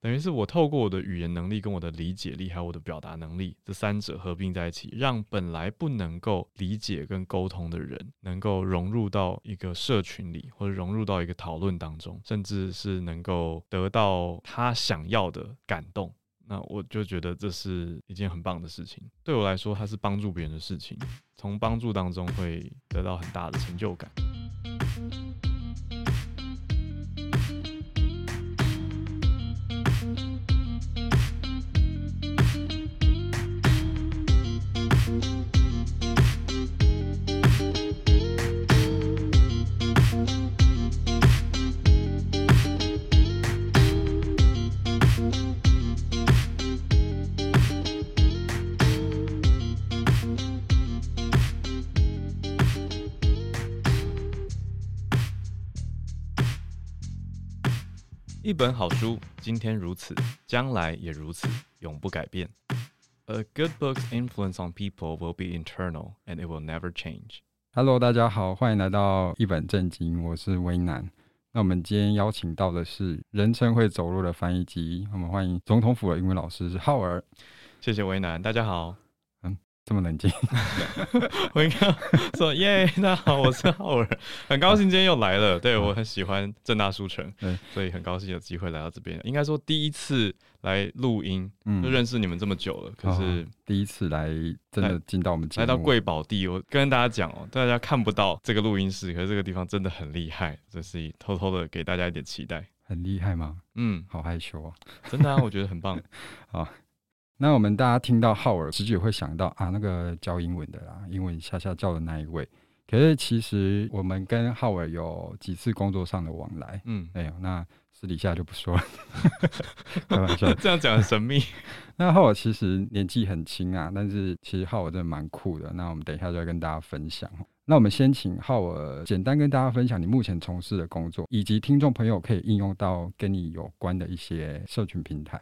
等於是我透過我的語言能力、跟我的理解力還有我的表達能力，這三者合併在一起，讓本來不能夠理解跟溝通的人，能夠融入到一個社群裡，或者融入到一個討論當中，甚至是能夠得到他想要的感動。那我就覺得這是一件很棒的事情。對我來說，它是幫助別人的事情，從幫助當中會得到很大的成就感。一本好書，今天如此，將來也如此，永不改變。A good book's influence on people will be internal, and it will never change. Hello，大家好，歡迎來到一本朕經，我是巍楠。那我們今天邀請到的是人稱會走路的翻譯機，我們歡迎總統府的英文老師是浩爾。謝謝巍楠。大家好。這麼冷靜， 我應該說耶，那好，我是浩爾，很高興今天又來了。對，我很喜歡政大書城，嗯，所以很高興有機會來到這邊。應該說第一次來錄音，嗯，就認識你們這麼久了，嗯、可是、哦、第一次來真的進到我們來到貴寶地。我跟大家講哦、喔，大家看不到這個錄音室，可是這個地方真的很厲害，所、就是偷偷的給大家一點期待。很厲害嗎？嗯，好害羞啊、喔，真的啊，我覺得很棒， 好。那我們大家聽到浩爾，其實也會想到啊，那個教英文的啦，英文下下叫的那一位。可是其實我們跟浩爾有幾次工作上的往來，嗯，沒有、哎，那私底下就不說了，開玩笑， 這樣講很神秘。 那浩爾其實年紀很輕啊，但是其實浩爾真的蠻酷的。那我們等一下就要跟大家分享。那我們先請浩爾簡單跟大家分享你目前從事的工作，以及聽眾朋友可以應用到跟你有關的一些社群平台。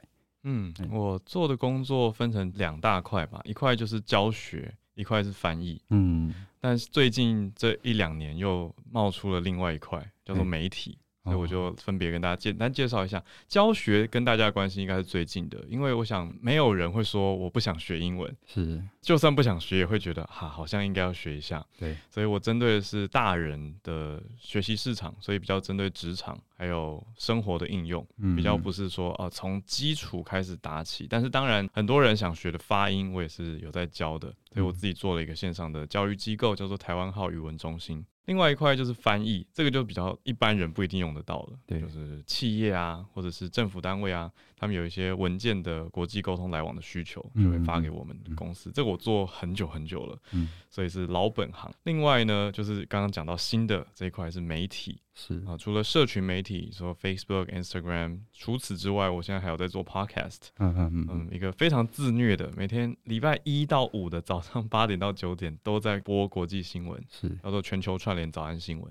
嗯，我做的工作分成兩大塊吧，一塊就是教學，一塊是翻譯。嗯，但是最近這一兩年又冒出了另外一塊，叫做媒體。嗯所以我就分別跟大家簡單介紹一下，哦，教學，跟大家的關係應該是最近的，因為我想沒有人會說我不想學英文，是就算不想學也會覺得哈好像應該要學一下。對，所以我針對的是大人的學習市場，所以比較針對職場還有生活的應用，嗯，比較不是說啊，從、呃、基礎開始打起。但是當然很多人想學的發音我也是有在教的，所以我自己做了一個線上的教育機構，叫做台灣號語文中心。另外一塊就是翻譯，這個就比較一般人不一定用得到的，對就是企業啊，或者是政府單位啊。他們有一些文件的國際溝通來往的需求，就會發給我們的公司。這個我做很久很久了，所以是老本行。另外呢，就是剛剛講到新的這一塊是媒體，是啊，除了社群媒體說，說 Facebook、Instagram，除此之外，我現在還有在做 Podcast，嗯嗯嗯，一個非常自虐的，每天禮拜一到五的早上八點到九點都在播國際新聞，是叫做全球串聯早安新聞。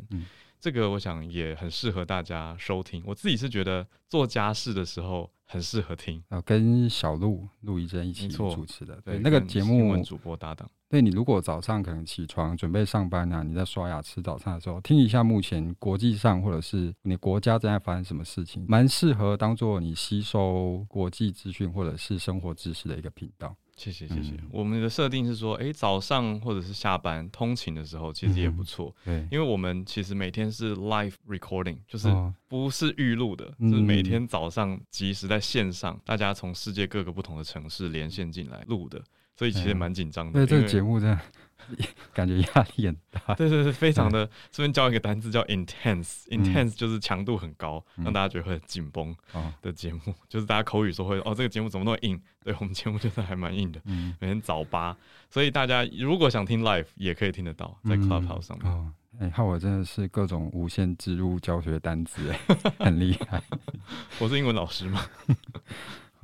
這個我想也很適合大家收聽。我自己是覺得做家事的時候。很適合聽、啊，然後跟小鹿鹿一真一起沒錯，主持的，對，對那個節目主播搭檔。對你如果早上可能起床準備上班啊，你在刷牙吃早餐的時候聽一下，目前國際上或者是你國家正在發生什麼事情，蠻適合當做你吸收國際資訊或者是生活知識的一個頻道。謝謝謝謝，我們的設定是說，哎、欸，早上或者是下班通勤的時候，其實也不錯，嗯、因為我們其實每天是 live recording，就是不是預錄的，哦、就是每天早上即時在線上，嗯、大家從世界各個不同的城市連線進來錄的，所以其實蠻緊張的，嗯、因為 對，這個節目這樣。 感覺壓力很大， 對對對，非常的。順便對教一個單詞叫 intense，intense、嗯、intense 就是強度很高，嗯、讓大家覺得會很緊繃的節目，嗯、就是大家口語說會哦，這個節目怎麼那麼硬？對，我們節目真的還蠻硬的，嗯、每天早八，所以大家如果想聽 live 也可以聽得到，在 Clubhouse 上面。哎、嗯，浩、哦欸、我真的是各種無限植入教學單字，哎，很厲害。 我是英文老師嗎？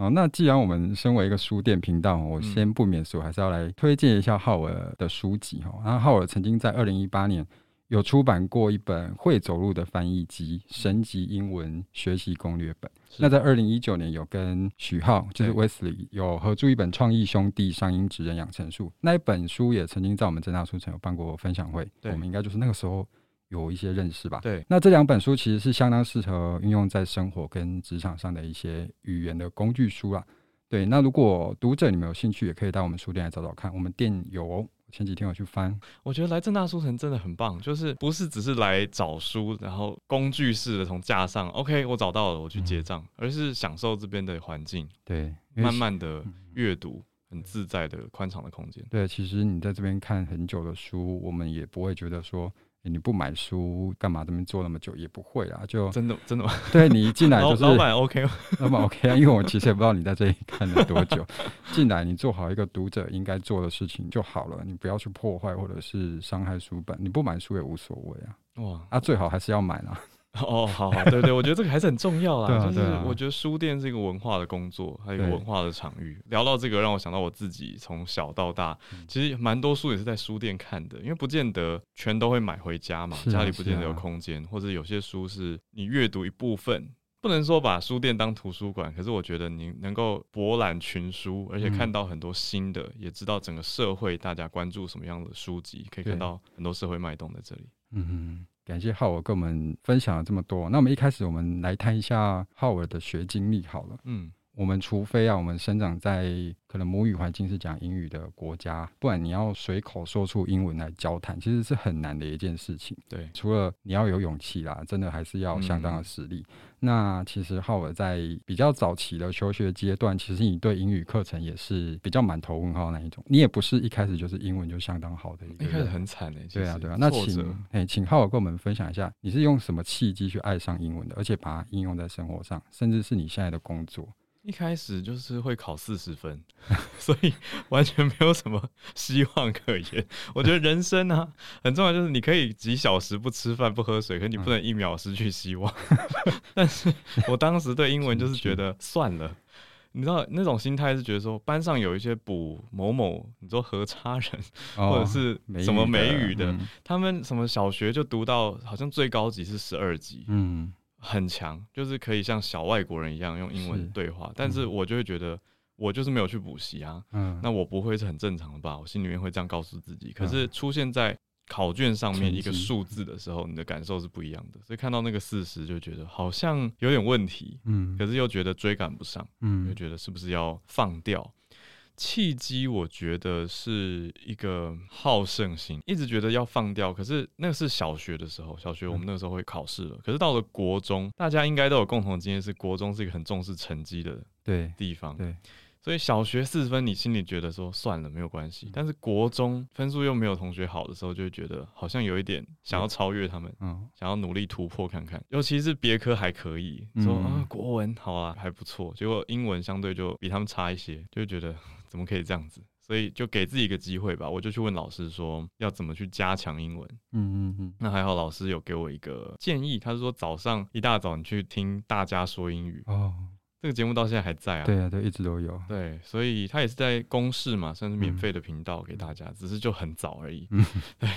哦，那既然我們身為一個書店頻道，我先不免俗，嗯、還是要來推薦一下浩爾的書籍哈。然後浩爾曾經在二零一八年有出版過一本《會走路的翻譯機：神級英文學習攻略本》。嗯，那在二零一九年有跟許浩，就是 Wesley 對有合著一本《創譯兄弟商英職人養成術》，那一本書，也曾經在我們政大書城有辦過分享會。對我們應該就是那個時候。有一些認識吧？對，那這兩本書其實是相當適合運用在生活跟職場上的一些語言的工具書啊。對，那如果讀者你們有興趣，也可以到我們書店來找找看，我們店有喔。前幾天我去翻，我覺得來政大書城真的很棒，就是不是只是來找書，然後工具式的從架上，OK，我找到了，我去結賬，嗯，而是享受這邊的環境，對，慢慢的閱讀，嗯，很自在的寬敞的空間。對，其實你在這邊看很久的書，我們也不會覺得說。你不買書幹嘛？在那邊坐那麼久也不會啊，就真的真的嗎？對，你一進來就是老闆 OK，老闆 OK 啊，因為我其實也不知道你在這裡看了多久。進來你做好一個讀者應該做的事情就好了，你不要去破壞或者是傷害書本。你不買書也無所謂啊，哇，那最好還是要買啦。哦， oh, 好，好，好，對對，我覺得這個還是很重要啦。 啊、就是我覺得書店是一個文化的工作，還有一個文化的場域。對聊到這個，讓我想到我自己從小到大，嗯、其實蠻多書也是在書店看的，因為不見得全都會買回家嘛，啊啊、家裡不見得有空間，或者有些書是你閱讀一部分，不能說把書店當圖書館。可是我覺得你能夠博覽群書，而且看到很多新的，嗯、也知道整個社會大家關注什麼樣的書籍，可以看到很多社會脈動在這裡。嗯嗯。感謝浩爾跟我們分享了這麼多。那我們一開始，我們來談一下浩爾的學經歷好了。嗯，我們除非啊，我們生長在可能母語環境是講英語的國家，不然你要隨口說出英文來交談，其實是很難的一件事情。對，除了你要有勇氣啦，真的還是要相當的實力。嗯嗯。那其實浩爾在比較早期的求學階段，其實你對英語課程也是比較滿頭問號那一種，你也不是一開始就是英文就相當好的對對，一、欸、開始很慘哎，對啊對啊。那請哎挫折、欸，請浩爾跟我們分享一下，你是用什麼契機去愛上英文的，而且把它應用在生活上，甚至是你現在的工作。一開始就是會考四十分， 所以完全沒有什麼希望可言。 我覺得人生呢、啊、很重要，就是你可以幾小時不吃飯不喝水，可是你不能一秒失去希望。 但是我當時對英文就是覺得去算了，你知道那種心態是覺得說，班上有一些補某某，你說何嘉仁、哦、或者是什麼美語的，嗯、他們什麼小學就讀到好像最高級是十二級，嗯很強，就是可以像小外國人一樣用英文對話，是嗯、但是我就會覺得我就是沒有去補習啊，嗯，那我不會是很正常的吧？我心裡面會這樣告訴自己，可是出現在考卷上面一個數字的時候，求你的感受是不一樣的，所以看到那個四十就覺得好像有點問題，嗯，可是又覺得追趕不上，嗯，又覺得是不是要放掉。契機，我覺得是一個好勝心，一直覺得要放掉。可是那個是小學的時候，小學我們那個時候會考試了。Okay. 可是到了國中，大家應該都有共同的經驗，是國中是一個很重視成績的對地方。對，對所以小學四十分，你心裡覺得說算了，沒有關係。嗯、但是國中分數又沒有同學好的時候，就會覺得好像有一點想要超越他們，嗯，想要努力突破看看。尤其是別科還可以，說、嗯、啊國文好啊還不錯，結果英文相對就比他們差一些，就覺得。怎麼可以這樣子？所以就給自己一個機會吧，我就去問老師說，要怎麼去加強英文。嗯嗯嗯，那還好老師有給我一個建議，他是說，早上一大早你去聽大家說英語。哦。這個節目到現在還在啊？對啊，就一直都有。對，所以它也是在公視嘛，算是免費的頻道給大家，嗯、只是就很早而已。嗯，對。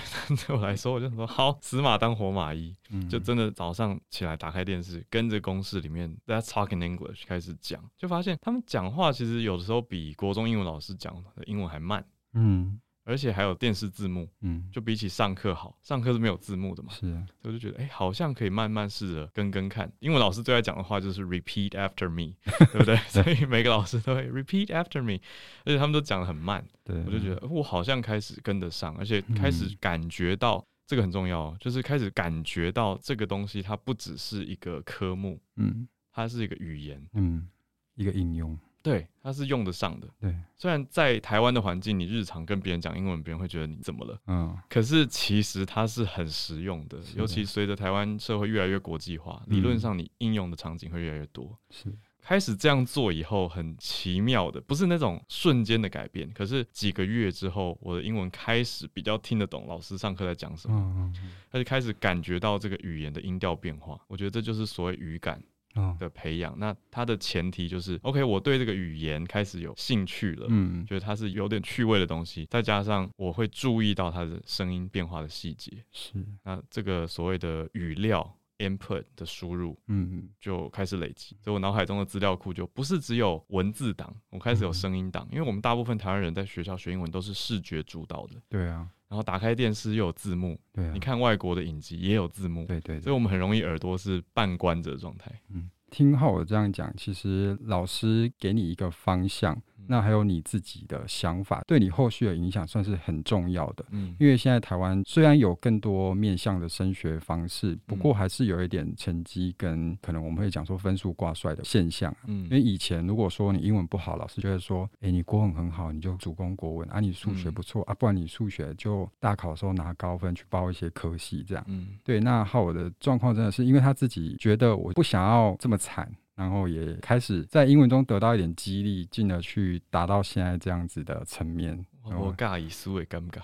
對我來說，我就說好，死馬當活馬醫，嗯、就真的早上起來打開電視，跟着公視裡面在 talk in English 開始講，就發現他們講話其實有的時候比國中英文老師講的英文還慢。嗯。而且還有電視字幕，嗯，就比起上課好，上課是沒有字幕的嘛，是啊，我就覺得，哎、欸，好像可以慢慢試着跟跟看。英文老師最愛講的話就是 repeat after me，對不對？ 對，所以每個老師都會 repeat after me，而且他們都講得很慢，對、啊，我就覺得、欸、我好像開始跟得上，而且開始感覺到、嗯、這個很重要，就是開始感覺到這個東西它不只是一個科目，嗯，它是一個語言，嗯，一個應用。對，它是用得上的。對，雖然在台灣的環境，你日常跟別人講英文，別人會覺得你怎麼了？嗯。可是其實它是很實用的，是的，尤其隨着台灣社會越來越國際化，嗯、理論上你應用的場景會越來越多。是。開始這樣做以後，很奇妙的，不是那種瞬間的改變，可是幾個月之後，我的英文開始比較聽得懂老師上課在講什麼，他就、嗯嗯嗯、開始感覺到這個語言的音調變化。我覺得這就是所謂語感。哦，的培養，那它的前提就是，OK，我對這個語言開始有興趣了，嗯，嗯，覺得它是有點趣味的東西，再加上我會注意到它的聲音變化的細節，是，那這個所謂的語料 input 的輸入，嗯嗯，就開始累積，所以我腦海中的資料庫就不是只有文字檔，我開始有聲音檔，嗯嗯，因為我們大部分台灣人在學校學英文都是視覺主導的，對啊。然後打開電視又有字幕，對啊，你看外國的影集，也有字幕，對對，對對，所以我們很容易耳朵是半關着狀態。嗯，聽好我這樣講，其實老師給你一個方向。那還有你自己的想法，對你後續的影響算是很重要的。嗯，因為現在台灣雖然有更多面向的升學方式，嗯、不過還是有一點成績跟可能我們會講說分數掛帥的現象，啊。嗯，因為以前如果說你英文不好，老師就會說，哎、欸，你國文很好，你就主攻國文，啊，你數學不錯、嗯、啊，不然你數學就大考的時候拿高分去報一些科系這樣。嗯，對。那浩我的狀況真的是，因為他自己覺得我不想要這麼慘。然後也開始在英文中得到一點激勵，進而去達到現在這樣子的層面。我尬以輸也尷尬，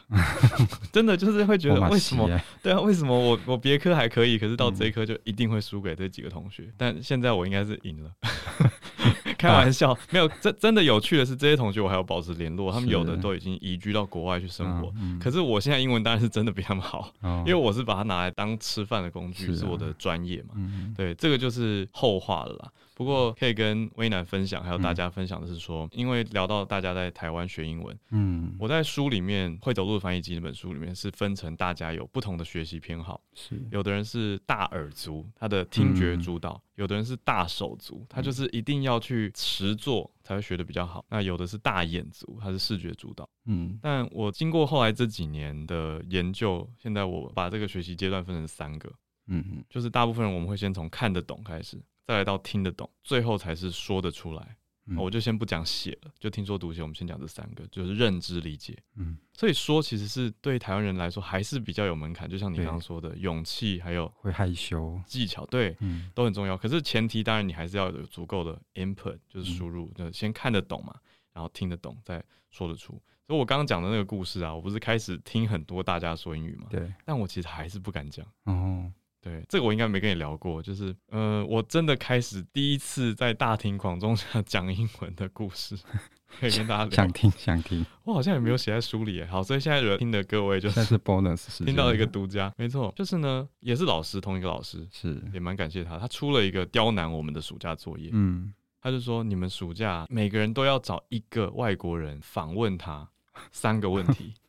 真的就是會覺得為什麼？對啊，為什麼我我別科還可以，可是到這一科就一定會輸給這幾個同學？但現在我應該是贏了。 開玩笑，啊、沒有，這真的有趣的是，這些同學我還要保持聯絡。啊、他們有的都已經移居到國外去生活。啊嗯、可是，我現在英文當然是真的比他們好，啊、因為我是把它拿來當吃飯的工具，啊、是我的專業嘛。啊嗯、對，這個就是後話了啦。不過可以跟巍楠分享，還有大家分享的是說，嗯、因為聊到大家在台灣學英文，嗯，我在書裡面《會走路的翻譯機》那本書裡面是分成大家有不同的學習偏好，是有的人是大耳族，他的聽覺主導；嗯、有的人是大手族，他就是一定要去實作才會學得比較好。那有的是大眼族，他是視覺主導。嗯，但我經過後來這幾年的研究，現在我把這個學習階段分成三個。嗯嗯，就是大部分人我們會先從看得懂開始，再來到聽得懂，最後才是說得出來。嗯哦、我就先不講寫了，就聽說讀寫，我們先講這三個，就是認知理解。嗯，所以說其實是對台灣人來說還是比較有門檻，就像你剛剛說的對勇氣，還有會害羞技巧，對，嗯、都很重要。可是前提當然你還是要有足夠的 input，就是輸入，嗯、就先看得懂嘛，然後聽得懂，再說得出。所以我剛剛講的那個故事啊，我不是開始聽很多大家說英語嘛，對，但我其實還是不敢講。哦。對，這個我應該沒跟你聊過，就是呃，我真的開始第一次在大庭廣眾下講英文的故事，可以跟大家講。 想聽，想聽。我好像也沒有寫在書裡，好，所以現在在聽的各位就是 bonus，聽到一個獨家，bon，沒錯，就是呢，也是老師同一個老師，是也蠻感謝他，他出了一個刁難我們的暑假作業，嗯，他就說你們暑假每個人都要找一個外國人訪問他三個問題。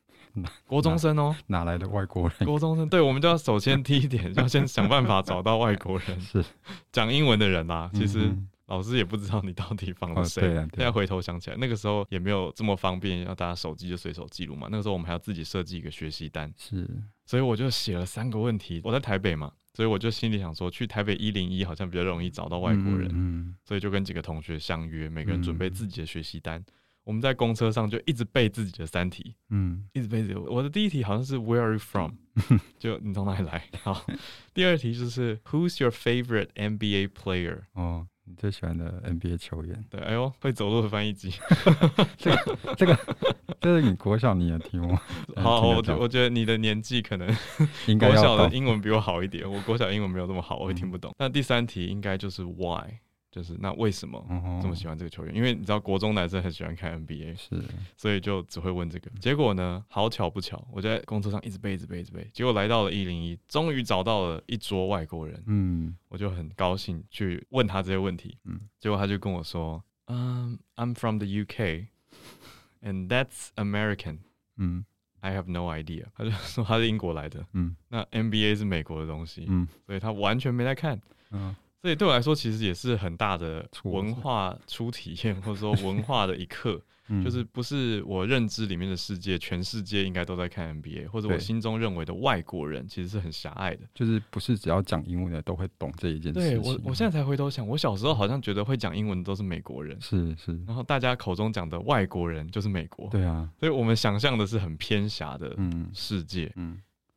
國中生哦、喔，哪來的外國人？國中生，對，我們就要首先第一點， 要先想辦法找到外國人， 是講英文的人啦、啊。其實老師也不知道你到底訪了誰。現在回頭想起來，那個時候也沒有這麼方便，要大家手機就隨手記錄嘛。那個時候我們還要自己設計一個學習單，是，所以我就寫了三個問題。我在台北嘛，所以我就心裡想說，去台北一零一好像比較容易找到外國人，嗯,嗯，所以就跟幾個同學相約，每個人準備自己的學習單。嗯嗯我們在公車上就一直背自己的三題，嗯，一直背自己的。我我的第一題好像是 Where are you from？ 就你從哪裡來？好，第二題就是 Who's your favorite NBA player？哦，你最喜歡的 NBA 球員。對，哎呦，會走路的翻譯機。 這個，這個，這是你國小你也聽嗎？ 好，我我覺得你的年紀可能 應，國小的英文比我好一點。我國小英文沒有那麼好，我也聽不懂。嗯，那第三題應該就是 Why？就是那為什麼這麼喜歡這個球員？Uh oh. 因為你知道，國中男生很喜歡看 NBA，是，所以就只會問這個。結果呢，好巧不巧，我就在公車上一直背，一直背，一直背，結果來到了一零一，終於找到了一桌外國人。嗯，我就很高興去問他這些問題。嗯，結果他就跟我說：“ um, I'm from the UK，and that's American。嗯。”嗯，I have no idea。他就說他是英國來的。嗯，那 NBA 是美國的東西。嗯，所以他完全沒在看。嗯、Uh-oh. 所以對我來說，其實也是很大的文化初體驗，或者說文化的一刻， 嗯、就是不是我認知裡面的世界，全世界應該都在看 NBA，或者我心中認為的外國人對其實是很狹隘的，就是不是只要講英文的都會懂這一件事情。對，我我現在才回頭想，我小時候好像覺得會講英文的都是美國人，是是，是然後大家口中講的外國人就是美國，對啊，所以我們想象的是很偏狹的世界，嗯。嗯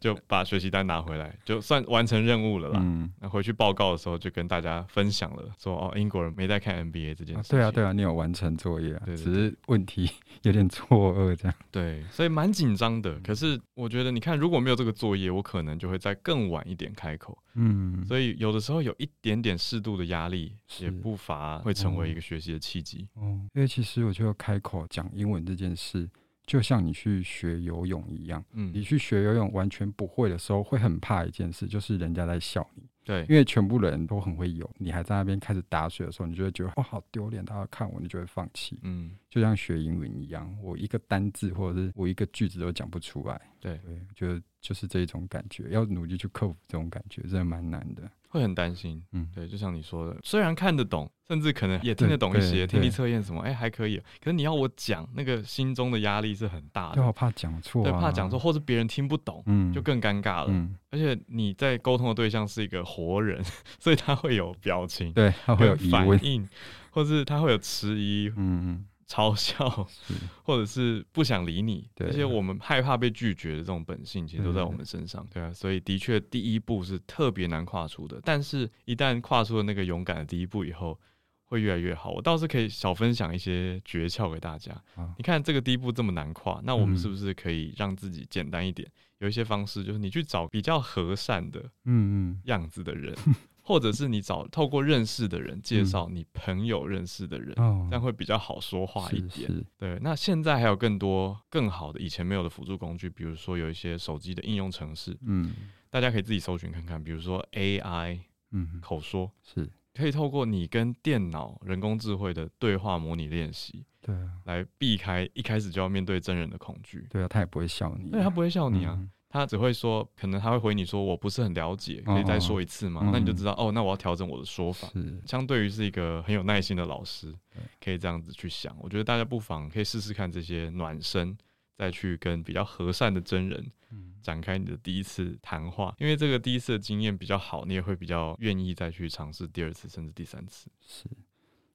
就把學習單拿回來，就算完成任務了吧。嗯，那回去報告的時候就跟大家分享了說，說哦，英國人沒在看 NBA 這件事，啊。對啊，對啊，你有完成作業，啊？對對對對，只是問題有點錯愕這樣。對，所以蠻緊張的。可是我覺得，你看，如果沒有這個作業，我可能就會再更晚一點開口。嗯，所以有的時候有一點點適度的壓力，是也不乏會成為一個學習的契機，嗯。嗯，因為其實我就要開口講英文這件事。就像你去學游泳一樣，嗯，你去學游泳完全不會的時候，會很怕一件事，就是人家在笑你，對，因為全部人都很會游，你還在那邊開始打水的時候，你就會覺得哦，好丟臉，大家看我，你就會放棄，嗯，就像學英文一樣，我一個單字或者是我一個句子都講不出來，對，對，覺得就是這一種感覺，要努力去克服這種感覺，真的蠻難的。會很擔心，嗯，對，就像你說的，雖然看得懂，甚至可能也聽得懂一些聽力測驗什麼，哎、欸，還可以。可是你要我講那個心中的壓力是很大的，就好怕講錯，對，怕講錯，或是別人聽不懂，嗯，就更尷尬了。嗯、而且你在溝通的對象是一個活人，所以他會有表情，對，他會有反應，或是他會有遲疑，嗯，嗯。嘲笑，是或者是不想理你，對這些我們害怕被拒絕的這種本性，其實都在我們身上。對，對，對，對啊，所以的確第一步是特別難跨出的，但是一旦跨出了那個勇敢的第一步以後，會越來越好。我倒是可以少分享一些訣竅給大家。啊、你看這個第一步這麼難跨，那我們是不是可以讓自己簡單一點？嗯、有一些方式就是你去找比較和善的，嗯嗯，樣子的人。嗯嗯 或者是你找透過認識的人介紹你朋友認識的人，嗯、這樣會比較好說話一點。哦、對，那現在還有更多更好的以前沒有的輔助工具，比如說有一些手機的應用程式，嗯，大家可以自己搜尋看看。比如說 AI，嗯哼，口說是可以透過你跟電腦人工智慧的對話模擬練習，對、啊，來避開一開始就要面對真人的恐懼。對啊，他也不會笑你、啊啊。他不會笑你啊。嗯他只會說，可能他會回你說：“我不是很了解，可以再說一次嗎？”哦哦，那你就知道，嗯、哦，那我要調整我的說法。是相對於是一個很有耐心的老師，對可以這樣子去想。我覺得大家不妨可以試試看這些暖身，再去跟比較和善的真人展開你的第一次談話，嗯、因為這個第一次的經驗比較好，你也會比較願意再去嘗試第二次甚至第三次。是。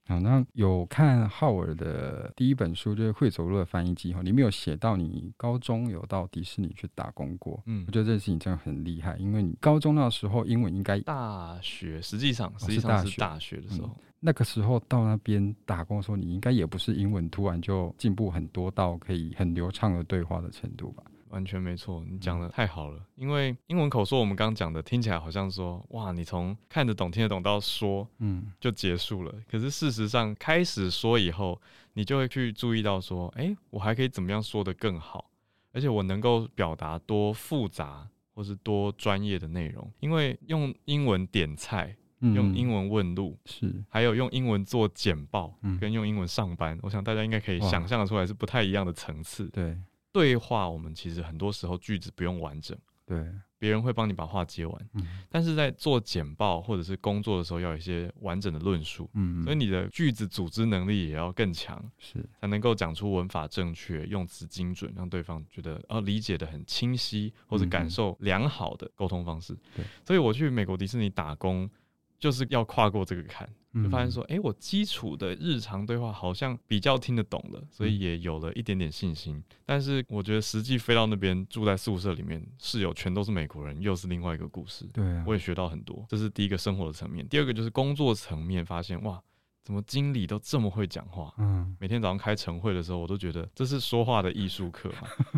好、嗯，那有看浩爾的第一本書，就是《會走路的翻譯機》你裡面有寫到你高中有到迪士尼去打工過，覺、嗯、我覺得這件事情真的很厲害，因為你高中那時候英文應該大學，實際上實際上是大學的時候，那個時候到那邊打工的時候，你應該也不是英文突然就進步很多到可以很流暢的對話的程度吧。完全沒錯，你講得太好了。嗯、因為英文口說，我們剛剛講的聽起來好像說，哇，你從看得懂、聽得懂到說，嗯，就結束了。可是事實上，開始說以後，你就會去注意到說，哎、欸，我還可以怎麼樣說得更好？而且我能夠表達多複雜或是多專業的內容。因為用英文點菜，用英文問路，嗯、還有用英文做簡報，嗯、跟用英文上班，我想大家應該可以想象得出來，是不太一樣的層次。對。對話，我們其實很多時候句子不用完整，對，別人會幫你把話接完。嗯、哼但是在做簡報或者是工作的時候，要有一些完整的論述。嗯哼，所以你的句子組織能力也要更強，是才能夠講出文法正確、用詞精準，讓對方覺得哦，理解得很清晰，或者感受良好的溝通方式。嗯、哼所以我去美國迪士尼打工，就是要跨過這個坎。就發現說，哎、欸，我基礎的日常對話好像比較聽得懂了，所以也有了一點點信心。嗯、但是我覺得實際飛到那邊住在宿舍裡面，室友全都是美國人，又是另外一個故事。對、啊，我也學到很多。這是第一個生活的層面，第二個就是工作層面，發現哇。怎麼經理都這麼會講話？嗯，每天早上開晨會的時候，我都覺得這是說話的藝術課。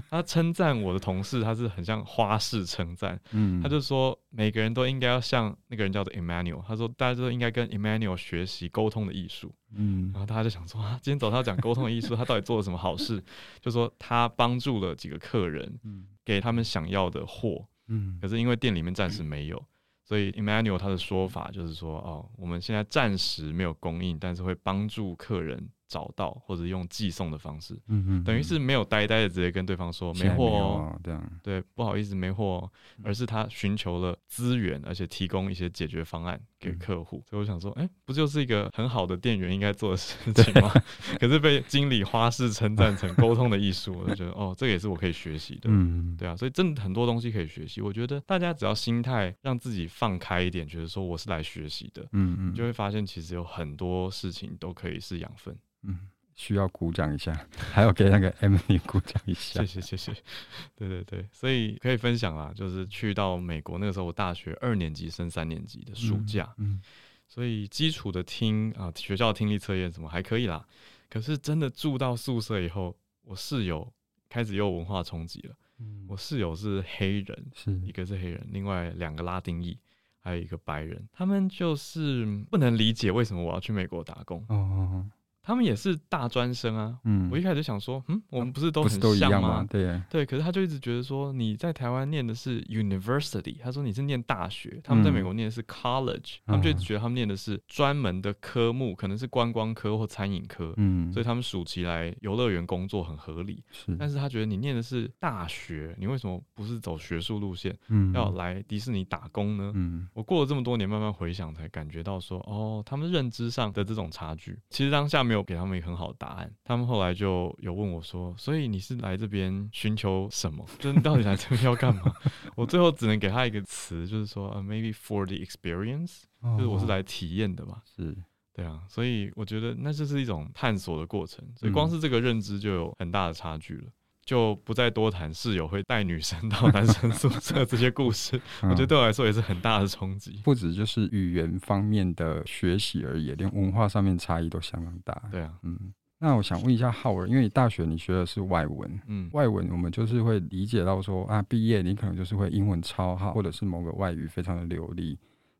他稱讚我的同事，他是很像花式稱讚。嗯，他就說每個人都應該要像那個人叫做 Emmanuel，他說大家都應該跟 Emmanuel 學習溝通的藝術。嗯，然後大家就想說，啊，今天早上講溝通的藝術，他到底做了什麼好事？嗯，就說他幫助了幾個客人，給他們想要的貨。嗯，可是因為店裡面暫時沒有。嗯所以 Emmanuel 他的說法就是說，哦，我們現在暫時沒有供應，但是會幫助客人。找到或者用寄送的方式，嗯嗯嗯等於是沒有呆呆的直接跟對方說沒貨哦、喔，這樣、喔對，啊、對，不好意思沒貨、喔，而是他尋求了資源，而且提供一些解決方案給客戶。嗯、所以我想說，誒、欸，不就是一個很好的店員應該做的事情嗎？對可是被經理花式稱讚成溝通的藝術，我就覺得哦、喔，這個、也是我可以學習的，嗯嗯，對啊，所以真的很多東西可以學習。我覺得大家只要心態讓自己放開一點，覺、就、得、是、說我是來學習的，嗯嗯，你就會發現其實有很多事情都可以是養分。嗯，需要鼓掌一下，還要給那個 Emily 鼓掌一下。謝謝謝謝，對對對，所以可以分享啦。就是去到美國那個時候，我大學二年級升三年級的暑假，嗯，嗯所以基礎的聽啊，學校聽力測驗什麼還可以啦。可是真的住到宿舍以後，我室友開始有文化衝擊了。嗯、我室友是黑人，是一個是黑人，另外兩個拉丁裔，還有一個白人，他們就是不能理解為什麼我要去美國打工。哦，哦，哦他們也是大專生啊，嗯，我一開始就想說，嗯，我們不是都很像嗎？啊、嗎，對對，可是他就一直覺得說，你在台灣念的是 University，他說你是念大學，他們在美國念的是 College，、嗯、他們就覺得他們念的是專門的科目，啊、可能是觀光科或餐飲科，嗯，所以他們暑期來遊樂園工作很合理，是，但是他覺得你念的是大學，你為什麼不是走學術路線，嗯，要來迪士尼打工呢？嗯，我過了這麼多年，慢慢回想才感覺到說，哦，他們認知上的這種差距，其實當下沒有。給他們一個很好的答案，他們後來就有問我說：“所以你是來這邊尋求什麼？就是你到底來這邊要幹嘛？” 我最後只能給他一個詞，就是說、uh,：“maybe for the experience，、哦、哈就是我是來體驗的嘛。”是，對啊，所以我覺得那就是一種探索的過程。所以光是這個認知就有很大的差距了。嗯就不再多談室友會帶女生到男生宿舍這些故事， 嗯、我覺得對我來說也是很大的衝擊。不只就是語言方面的學習而已，連文化上面差異都相當大。對啊，嗯，那我想問一下浩爾，因為你大學你學的是外文，嗯，外文我們就是會理解到說啊，畢業你可能就是會英文超好，或者是某個外語非常的流利。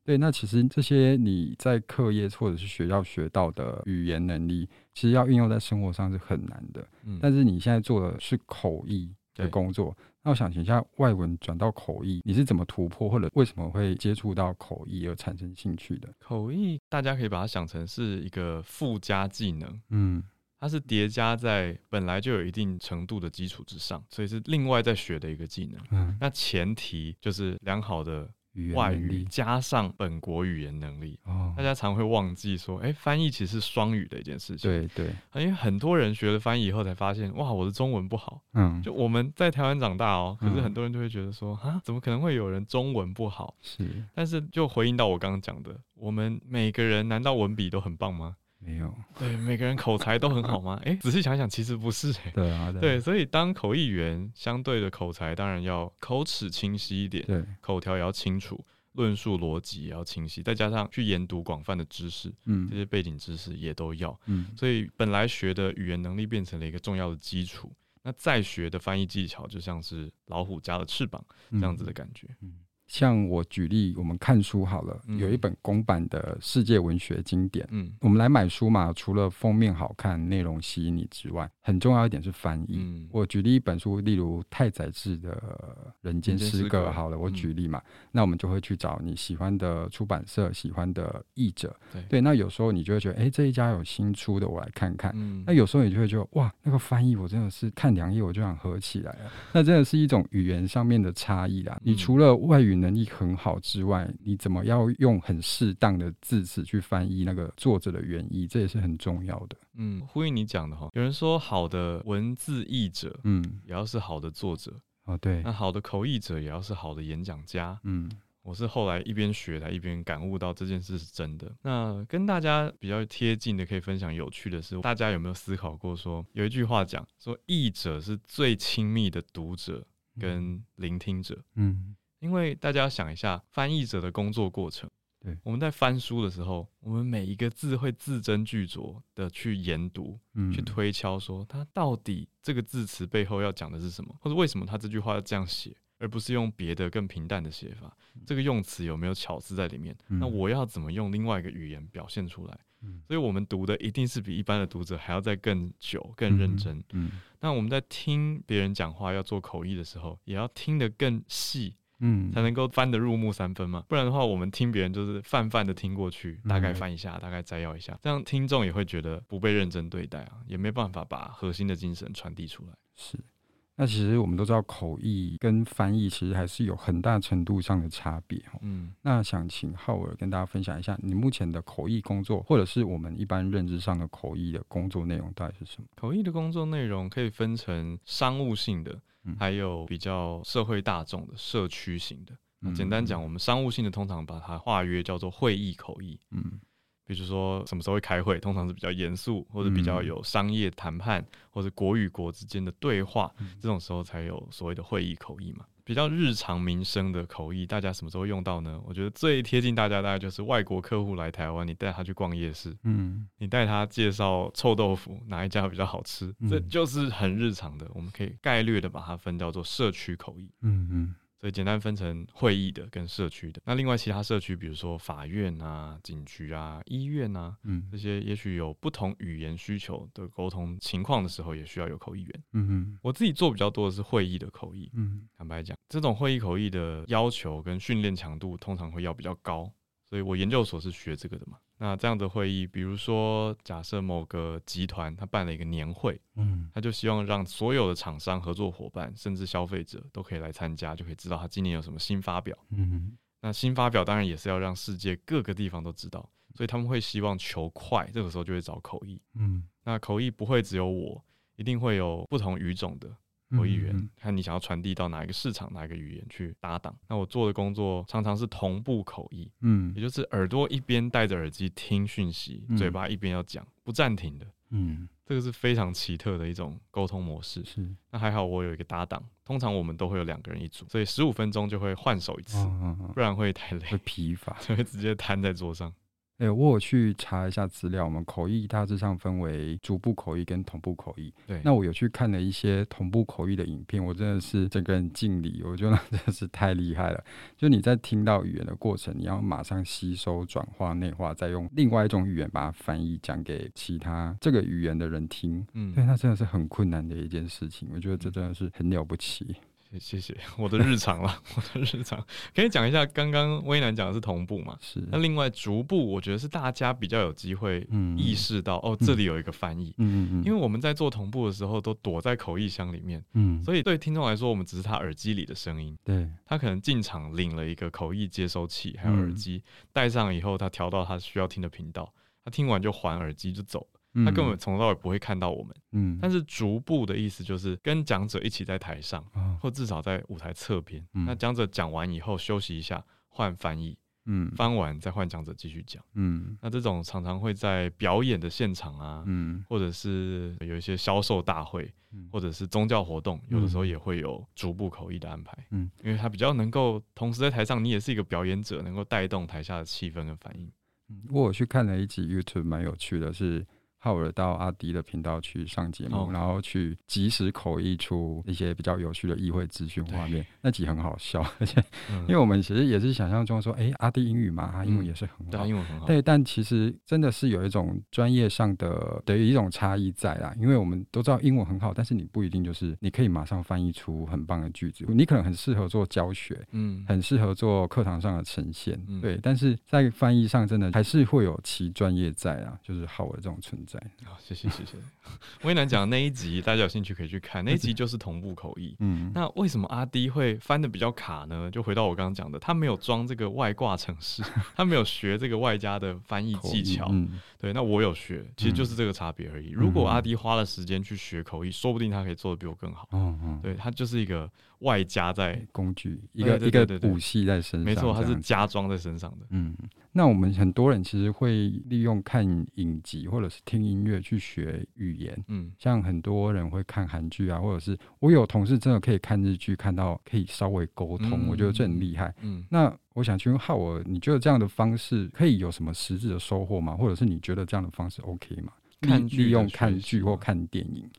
對，那其實這些你在課業或者是學校學到的語言能力，其實要運用在生活上是很難的。嗯，但是你現在做的是口譯的工作，對那我想請一下，外文轉到口譯，你是怎麼突破，或者為什麼會接觸到口譯而產生興趣的？口譯大家可以把它想成是一個附加技能，嗯，它是疊加在本來就有一定程度的基礎之上，所以是另外在學的一個技能。嗯，那前提就是良好的。語言外語加上本國語言能力，哦、大家常會忘記說，哎、欸，翻譯其實是雙語的一件事情。對，對對，因為很多人學了翻譯以後才發現，哇，我的中文不好。嗯，就我們在台灣長大哦、喔，可是很多人就會覺得說，啊、嗯，怎麼可能會有人中文不好？是，但是就回應到我剛剛講的，我們每個人難道文筆都很棒嗎？沒有，對，每個人口才都很好嗎？哎、 欸，仔細想想，其實不是、欸。對啊，對，對，所以當口譯員，相對的口才當然要口齒清晰一點，對，口條也要清楚，論述邏輯也要清晰，再加上去研讀廣泛的知識，嗯，這些背景知識也都要，嗯，所以本來學的語言能力變成了一個重要的基礎，那再學的翻譯技巧就像是老虎加了翅膀這樣子的感覺。嗯嗯像我舉例，我們看書好了，嗯、有一本公版的世界文學經典，嗯，我們來買書嘛，除了封面好看、內容吸引你之外。很重要一點是翻譯。嗯、我舉例一本書，例如太宰治的人歌《人間失格》。好了，我舉例嘛，嗯、那我們就會去找你喜歡的出版社、喜歡的譯者。對，對那有時候你就會覺得，誒、欸，這一家有新出的，我來看看。嗯、那有時候你就會覺得，哇，那個翻譯我真的是看兩頁我就想合起來、嗯、那真的是一種語言上面的差異啦。你除了外語能力很好之外，你怎麼要用很適當的字詞去翻譯那個作者的原意？這也是很重要的。嗯，呼應你講的哈，有人說好的文字譯者，嗯，也要是好的作者，嗯，哦，對，那好的口譯者也要是好的演講家，嗯，我是後來一邊學來一邊感悟到這件事是真的。那跟大家比較貼近的，可以分享有趣的是，大家有沒有思考過說，有一句話講說，譯者是最親密的讀者跟聆聽者，嗯，嗯，因為大家要想一下，翻譯者的工作過程。對我們在翻書的時候，我們每一個字會字斟句酌的去研讀，嗯、去推敲，說他到底這個字詞背後要講的是什麼，或者為什麼他這句話要這樣寫，而不是用別的更平淡的寫法。嗯、這個用詞有沒有巧思在裡面？嗯、那我要怎麼用另外一個語言表現出來？嗯、所以我們讀的一定是比一般的讀者還要再更久、更認真。嗯嗯、那我們在聽別人講話要做口譯的時候，也要聽得更細。嗯，才能夠翻得入木三分嘛，不然的話，我們聽別人就是泛泛的聽過去，大概翻一下，嗯、大概摘要一下，這樣聽眾也會覺得不被認真對待啊，也沒辦法把核心的精神傳遞出來。是，那其實我們都知道口譯跟翻譯其實還是有很大程度上的差別。嗯，那想請浩爾跟大家分享一下你目前的口譯工作，或者是我們一般認知上的口譯的工作內容到底是什麼？口譯的工作內容可以分成商務性的。還有比較社會大眾的社區型的，那簡單講，我們商務性的通常把它化約叫做會議口譯，嗯，比如說什麼時候會開會，通常是比較嚴肅或者比較有商業談判或者國與國之間的對話，這種時候才有所謂的會議口譯嘛。比較日常民生的口譯，大家什麼時候用到呢？我覺得最貼近大家大概就是外國客戶來台灣，你帶他去逛夜市，嗯，你帶他介紹臭豆腐，哪一家比較好吃，嗯、這就是很日常的，我們可以概略的把它分叫做社區口譯，嗯嗯。所以簡單分成會議的跟社區的。那另外其他社區，比如說法院啊、警局啊、醫院啊，嗯，這些也許有不同語言需求的溝通情況的時候，也需要有口譯員。嗯嗯哼，我自己做比較多的是會議的口譯。嗯哼，坦白講，這種會議口譯的要求跟訓練強度通常會要比較高，所以我研究所是學這個的嘛。那這樣的會議，比如說，假設某個集團他辦了一個年會，嗯，他就希望讓所有的廠商、合作夥伴甚至消費者都可以來參加，就可以知道他今年有什麼新發表。嗯，那新發表當然也是要讓世界各個地方都知道，所以他們會希望求快，這個時候就會找口譯。嗯，那口譯不會只有我，一定會有不同語種的。口譯員，看你想要傳遞到哪一個市場，哪一個語言去搭檔。那我做的工作常常是同步口譯，嗯，也就是耳朵一邊戴着耳機聽訊息，嗯、嘴巴一邊要講，不暫停的，嗯，這個是非常奇特的一種溝通模式。是，那還好我有一個搭檔，通常我們都會有兩個人一組，所以十五分鐘就會換手一次，哦哦、不然會太累，會疲乏，就會直接癱在桌上。誒、欸，我有去查一下資料，我們口譯大致上分為逐步口譯跟同步口譯。對，那我有去看了一些同步口譯的影片，我真的是整個人敬禮，我覺得那真的是太厲害了。就你在聽到語言的過程，你要馬上吸收、轉化、內化，再用另外一種語言把它翻譯講給其他這個語言的人聽。嗯，對，那真的是很困難的一件事情，我覺得這真的是很了不起。謝謝我的日常了，我的日常， 的日常可以講一下，剛剛巍楠講的是同步嘛？是。那另外逐步，我覺得是大家比較有機會意識到、嗯、哦，這裡有一個翻譯。嗯嗯，因為我們在做同步的時候，都躲在口譯箱裡面，嗯，所以對聽眾來說，我們只是他耳機裡的聲音。對，他可能進場領了一個口譯接收器，還有耳機、嗯、戴上以後，他調到他需要聽的頻道，他聽完就還耳機就走了他根本從頭到尾不會看到我們，嗯，但是逐步的意思就是跟講者一起在台上，或至少在舞台側邊。那講者講完以後休息一下，換翻譯，嗯，翻完再換講者繼續講，嗯，那這種常常會在表演的現場啊，嗯，或者是有一些銷售大會，或者是宗教活動，有的時候也會有逐步口譯的安排，嗯，因為它比較能夠同時在台上，你也是一個表演者，能夠帶動台下的氣氛跟反應。嗯，我去看了一集 YouTube，蠻有趣的，是。到阿滴的頻道去上節目，好然後去即時口譯出一些比較有趣的議會資訊畫面，對那集很好笑。而且，因為我們其實也是想象中說，哎、欸，阿滴英語嘛，他、啊、英文也是很好、嗯，對，英文很好。對，但其實真的是有一種專業上的等於一種差異在啦。因為我們都知道英文很好，但是你不一定就是你可以馬上翻譯出很棒的句子。你可能很適合做教學，嗯，很適合做課堂上的呈現，嗯、對。但是在翻譯上，真的還是會有其專業在啊，就是浩爾這種存在。好、oh，謝謝謝謝。我跟你講那一集，大家有興趣可以去看， 那一集就是同步口譯。嗯，那為什麼阿滴會翻得比較卡呢？就回到我剛剛講的，他沒有裝這個外掛程式， 他沒有學這個外加的翻譯技巧。嗯、對，那我有學，其實就是這個差別而已。嗯、如果阿滴花了時間去學口譯，說不定他可以做得比我更好。嗯嗯，對他就是一個。外加在工具一個對對對對對一個武器在身上，沒錯，它是加裝在身上的。嗯，那我們很多人其實會利用看影集或者是聽音樂去學語言。嗯，像很多人會看韓劇啊，或者是我有同事真的可以看日劇，看到可以稍微溝通，嗯、我覺得這很厲害嗯。嗯，那我想請問浩爾，你覺得這樣的方式可以有什麼實質的收穫嗎？或者是你覺得這樣的方式 OK 嗎？看劇用看劇或看電影，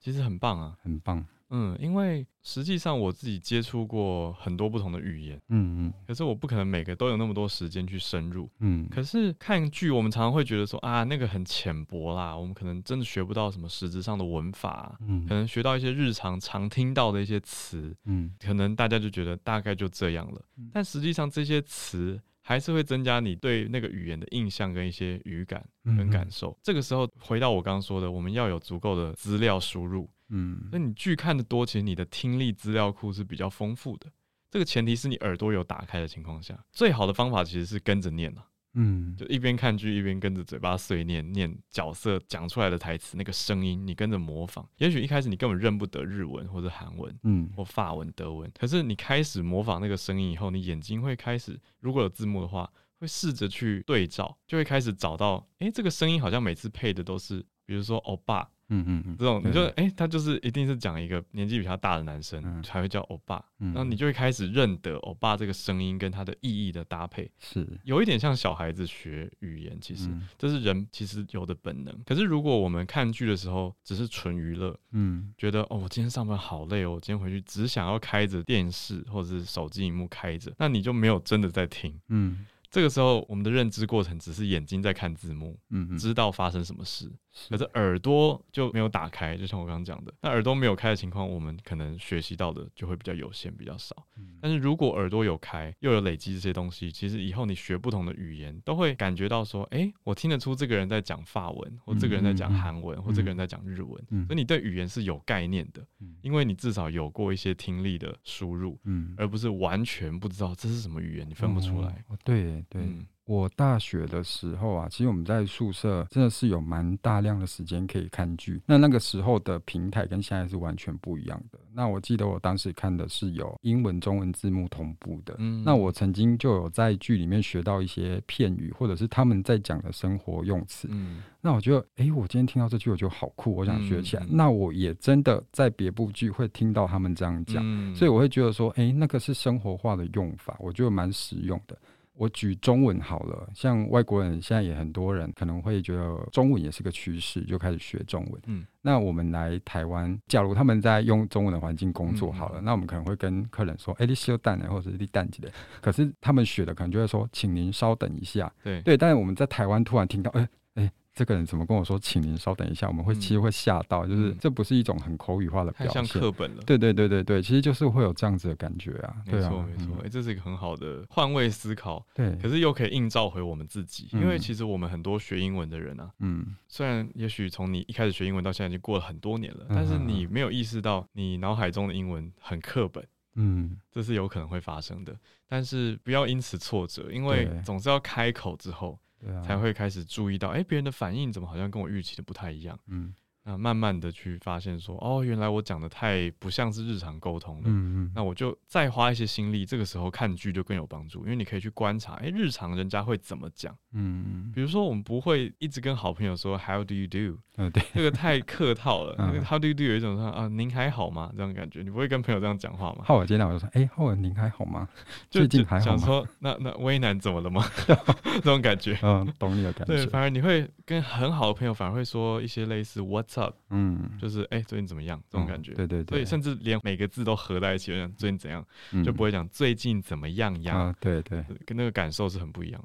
其實很棒啊，很棒。嗯，因為實際上我自己接觸過很多不同的語言，嗯嗯哼，可是我不可能每個都有那麼多時間去深入，嗯，可是看劇，我們常常會覺得說啊，那個很淺薄啦，我們可能真的學不到什麼實質上的文法啊，嗯，可能學到一些日常常聽到的一些詞，嗯，可能大家就覺得大概就這樣了，嗯，但實際上這些詞還是會增加你對那個語言的印象跟一些語感跟感受。嗯，哼這個時候回到我剛剛說的，我們要有足夠的資料輸入。嗯，那你劇看得多，其實你的聽力資料庫是比較豐富的。這個前提是你耳朵有打開的情況下，最好的方法其實是跟着念啊，嗯，就一邊看劇一邊跟着嘴巴碎念，念角色講出來的台詞那個聲音，你跟着模仿。也許一開始你根本認不得日文或者韓文，嗯，或法文、德文，可是你開始模仿那個聲音以後，你眼睛會開始，如果有字幕的話，會試着去對照，就會開始找到，誒、欸，這個聲音好像每次配的都是，比如說歐巴。哦爸嗯嗯，這種你就哎、嗯欸，他就是一定是講一個年紀比較大的男生，嗯、才會叫歐巴，嗯、然後你就會開始認得歐巴這個聲音跟他的意義的搭配，是有一點像小孩子學語言，其實這、嗯、是人其實有的本能。可是如果我們看劇的時候只是純娛樂，嗯，覺得哦，我今天上班好累哦，我今天回去只想要開着電視或者是手機熒幕開着，那你就沒有真的在聽，嗯，這個時候我們的認知過程只是眼睛在看字幕，嗯，知道發生什麼事。是，可是耳朵就沒有打開，就像我剛剛講的，那耳朵沒有開的情況，我們可能學習到的就會比較有限，比較少。嗯、但是如果耳朵有開，又有累積這些東西，其實以後你學不同的語言，都會感覺到說，誒、欸，我聽得出這個人在講法文，或這個人在講韓文，嗯、或這個人在講日文，嗯、所以你對語言是有概念的，嗯、因為你至少有過一些聽力的輸入，嗯、而不是完全不知道這是什麼語言，你分不出來。嗯、對對。嗯我大學的時候啊，其實我們在宿舍真的是有蠻大量的時間可以看劇。那那個時候的平台跟現在是完全不一樣的。那我記得我當時看的是有英文、中文字幕同步的。嗯。那我曾經就有在劇裡面學到一些片語，或者是他們在講的生活用詞。嗯。那我覺得，哎、欸，我今天聽到這句，我就好酷，我想學起來。嗯、那我也真的在別部劇會聽到他們這樣講，嗯、所以我會覺得說，哎、欸，那個是生活化的用法，我覺得蠻實用的。我舉中文好了，像外國人現在也很多人可能會覺得中文也是個趨勢，就開始學中文。嗯，那我們來台灣，假如他們在用中文的環境工作好了，嗯、那我們可能會跟客人說“哎、嗯欸，你稍等啊”或者是你“你等幾”，的可是他們學的可能就會說“請您稍等一下”。對，對，但是我們在台灣突然聽到哎。欸這個人怎麼跟我說，請您稍等一下，我們會、嗯、其實會嚇到，就是這不是一種很口語化的表現，太像課本了。對對對對對，其實就是會有這樣子的感覺啊。沒錯沒錯，啊嗯沒錯欸、這是一個很好的換位思考。對，可是又可以映照回我們自己，嗯、因為其實我們很多學英文的人啊，嗯，雖然也許從你一開始學英文到現在已經過了很多年了，嗯、但是你沒有意識到你腦海中的英文很課本，嗯，這是有可能會發生的。但是不要因此挫折，因為總是要開口之後。啊。才會開始注意到，哎、欸，別人的反應怎麼好像跟我預期的不太一樣？嗯，那慢慢的去發現說，哦，原來我講的太不像是日常溝通了。嗯，嗯，那我就再花一些心力，這個時候看劇就更有幫助，因為你可以去觀察，哎、欸，日常人家會怎麼講？嗯，嗯，比如說我們不會一直跟好朋友說 How do you do? 嗯，對，這個太客套了，因為 how do you do 有一種說啊，您還好嗎？這種感覺，你不會跟朋友這樣講話嗎？浩爾見到我就說，哎，浩爾，您還好嗎？最近還好嗎？想說那那危難怎麼了嗎？這種感覺，嗯，懂你的感覺。對，反而你會跟很好的朋友反而會說一些類似 What's up？嗯，就是哎，最近怎麼樣？這種感覺。對對對，所以甚至連每個字都合在一起，最近怎樣？就不會講最近怎麼樣樣。對對，跟那個感受是很不一樣